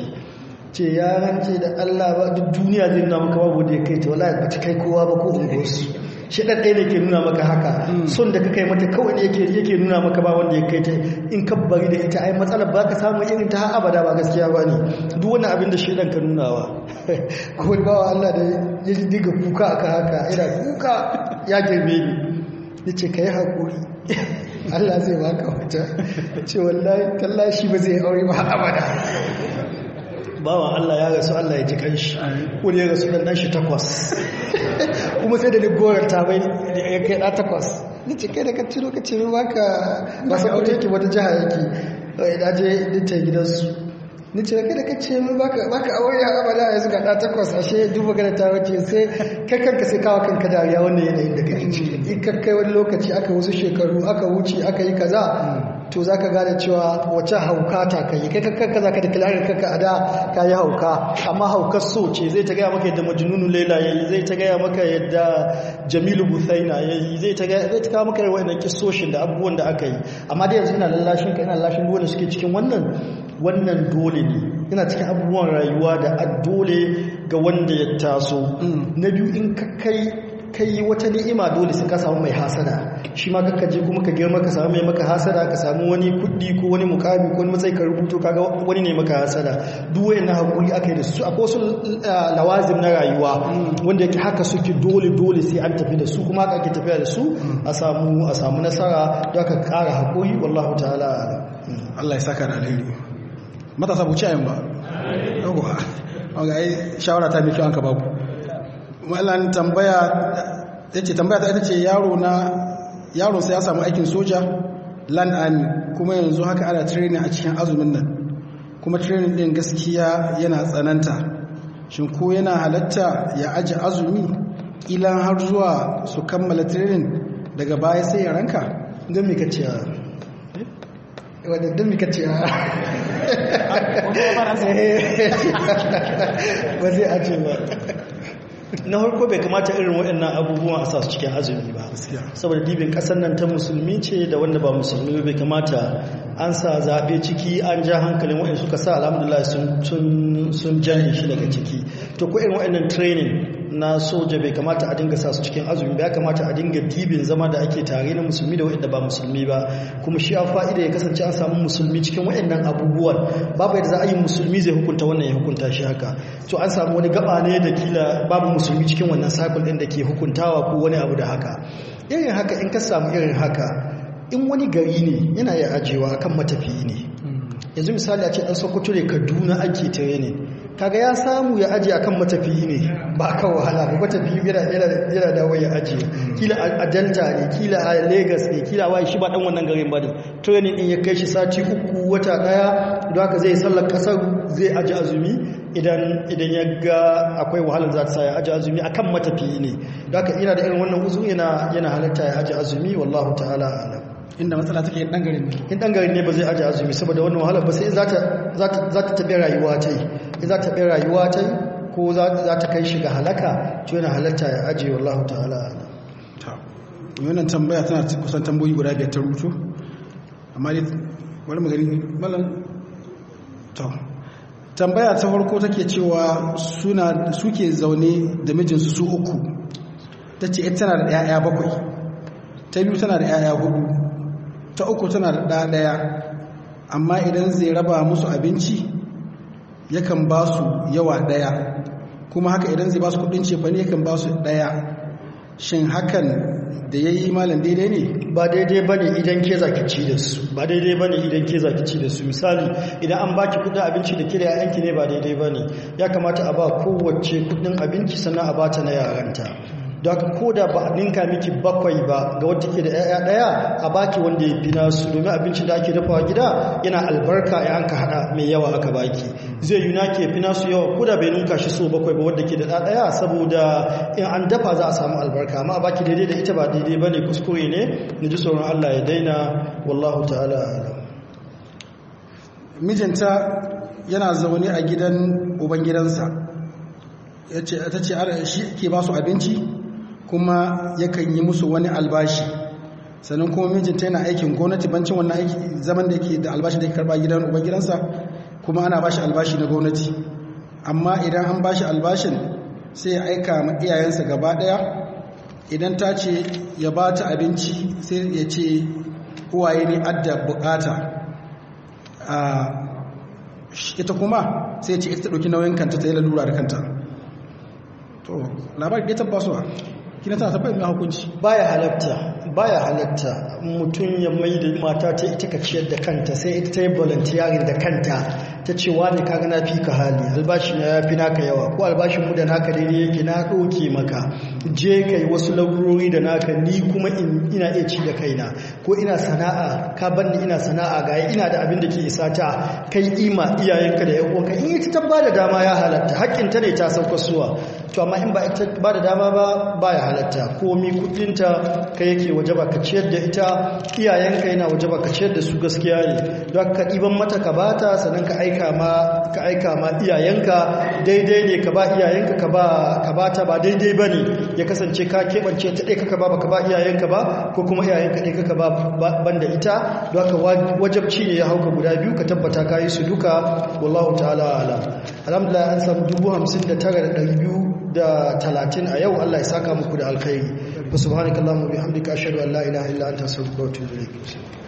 ce ya rance da Allah ba duk duniya zai nuna maka babu wadda ya kai ta wallahi ba ta kai kowa ba ko ungosu shi dan ɗaya ne ke nuna maka haka hmm. son da ka kai mata kawai yake yake nuna maka ba wanda ya kai ta in ka bari da ita ai matsalar ba ka samu irin ta har abada ba gaskiya ba ne duk wani abin da shedan ka nunawa ko bawa Allah da ya diga kuka aka haka ina kuka ya girme ni ya ce ka yi haƙuri Allah zai ba ka wata ce wallahi tallashi ba zai aure ba abada bawan Allah ya rasu Allah ya ji shi wani ya rasu ɗan shi takwas kuma sai da ni gorar ta bai ya kai ɗa takwas ni ce kai da kacci lokacin ba ka masu aure ki wata jiha yake da je ɗin ta gidansu ni ce da ka ce mu baka baka aure ya abada yanzu ga da takwas ashe duba gada ta wace sai kai kanka sai kawo kanka dariya wannan yanayin da kake ciki mm. in ka kai wani lokaci aka wasu shekaru aka wuce aka yi kaza mm. to za ka gane cewa wace hauka ta kai kai kanka za ka da kilarin kanka a da ka yi hauka amma haukar so ce zai ta gaya maka yadda majnunu laila ya yi zai ta gaya maka yadda jamilu busaina ya yi zai ta gaya zai ta kawo maka wannan kisoshin da abubuwan da aka yi amma dai yanzu ina lallashin ka ina lallashin wanda suke cikin wannan wannan dole ne yana cikin abubuwan rayuwa da dole ga wanda ya taso mm. na biyu in kakai kai wata ni'ima dole sai ka samu mai hasada shi ma kakka je kuma ka girma ka samu mai maka hasada ka samu wani kuɗi ko wani mukami ko wani matsayi ka rubuto kaga wani ne maka hasada duk na hakuri aka yi da su akwai wasu eh, lawazim na rayuwa mm. wanda yake haka suke dole dole sai an tafi da su kuma haka ake tafiya da su mm. a samu a samu nasara da aka kara hakuri wallahu ta'ala Allah ya saka da alheri matasa ku ci ayin ba shawara ta mikiyar ka baku mallan tambaya ce tambaya ta ita ce yaro na ya samu aikin soja land army kuma yanzu haka ana training a cikin azumin nan kuma training din gaskiya yana tsananta shin ko yana halatta ya aji azumi ilan har zuwa su kammala training daga baya sai ya ranka don me kace wadda don mika cewa ah. ba zai a ba na harko bai kamata irin waɗannan abubuwan a sasu cikin azumi ba saboda dibin ƙasar nan ta musulmi ce da wanda ba musulmi bai kamata an sa zaɓe ciki an ja hankalin waɗanda suka sa alhamdulillah sun jan shi daga ciki to ko irin waɗannan training na soja bai kamata a dinga sa su cikin azumi ba ya kamata a dinga dibin zama da ake tare na musulmi da waɗanda ba musulmi ba kuma shi a fa'ida ya kasance an samu musulmi cikin waɗannan abubuwan babu yadda za a yi musulmi zai hukunta wannan ya hukunta shi haka to an samu wani gaba ne da kila babu musulmi cikin wannan sakon ɗin da ke hukuntawa ko wani abu da haka irin haka in ka samu irin haka in wani gari ne yana iya ajiyewa akan matafiyi ne hmm. yanzu misali a ce ɗan sokoto ne kaduna ake tare ne kaga ya samu ya a akan matafiyi ne ba kan wahala ba matafiyi yana yana dawo ya aji hmm. kila a Delta ne kila a Lagos ne kila wai shi ba dan wannan garin ba da training in ya kai shi sati uku wata daya don haka zai sallar kasar zai aji azumi idan idan ya ga akwai wahalar za ta sa ya aji azumi akan matafiyi ne don haka ina da irin wannan uzuri yana yana halatta ya aji azumi wallahu ta'ala alam inda matsala take yin dangare ne in dangare ne ba zai aje azumi saboda wannan wahala ba sai za ta tabi rayuwa ta yi in za ta tabi rayuwa ta yi ko za ta kai shi ga halaka to yana halatta ya aje wallahu ta'ala ta wannan tambaya tana kusan tambayi guda biyar ta rubutu amma dai wani magani malam to tambaya ta farko take cewa suna suke zaune da mijinsu su uku ta ce ita tana da 'ya'ya bakwai ta biyu tana da 'ya'ya hudu ta uku tana da ɗaya amma idan zai raba musu abinci yakan ba su yawa ɗaya kuma haka idan zai ba su kudin cefane yakan ba su ɗaya shin hakan da ya yi malam daidai ne ba daidai ba ne idan ke ki ci da su ba daidai ba ne idan ke ki ci da su misali idan an baki kudin abinci da ke da yayanki ne ba daidai ba ne ya kamata a ba kowace kudin abinci sannan a ta na yaranta don ko da ba a ninka miki bakwai ba ga wata ke da ɗaya a baki wanda ya fi nasu domin abincin da ake dafawa gida yana albarka ya anka haɗa mai yawa aka baki zai yi ke fi nasu yawa ko da bai ninka shi so bakwai ba wanda ke da ɗaya saboda in an dafa za a samu albarka amma a baki daidai da ita ba daidai ba ne kuskure ne na ji sauran allah ya daina wallahu ta'ala mijinta yana zaune a gidan ubangidansa ya ce ta ce shi ke ba su abinci kuma yakan yi musu wani albashi sannan kuma mijinta yana aikin gwamnati bancin wannan aiki zaman da ke da albashi da ke karba gidan uban gidansa kuma ana bashi albashi na gwamnati amma idan an bashi albashin sai ya aika ma iyayensa gaba daya idan ta ce ya ba ta abinci sai ya ce uwaye ne adda bukata ita kuma sai ce ita ta ɗauki nauyin kanta ta yi lalura da kanta to labarin ya tabbasuwa kina ta sabai mai hukunci baya halatta baya halatta mutum ya mai da mata ta ita ka ciyar da kanta sai ita ta yi volunteering da kanta ta ce wa ne ka na fi ka hali albashi na ya fi naka yawa ko albashin mu da naka ne yake na ɗauke maka je ka yi wasu laurori da naka ni kuma ina iya ci da kaina ko ina sana'a ka ban ni ina sana'a ga ina da abin da ke isa ta kai ima iyayenka da yan uwanka in ita ta ba da dama ya halatta haƙƙin ta ne ta sauka suwa to amma in ba ita ba da dama ba ya halatta komi kuɗinta ka yake wajaba ka ciyar da ita iyayenka yana wajaba ka ciyar da su gaskiya ne don ka ɗiban mata ka ta sannan ka aika ma ka aika ma iyayenka daidai ne ka ba iyayenka ka ba ka ba daidai ba ne ya kasance ka keɓance ta ɗaya ka ba ka ba iyayenka ba ko kuma iyayenka ɗaya ka ba banda ita don ka wajabci ne ya hauka guda biyu ka tabbata ka yi su duka wallahu ta'ala ala alhamdulillah an samu dubu hamsin da tara da ɗari biyu da talatin a yau Allah ya saka muku da alkhairi وسبحانك اللهم وبحمدك اشهد ان لا اله الا انت استغفرك واتوب اليك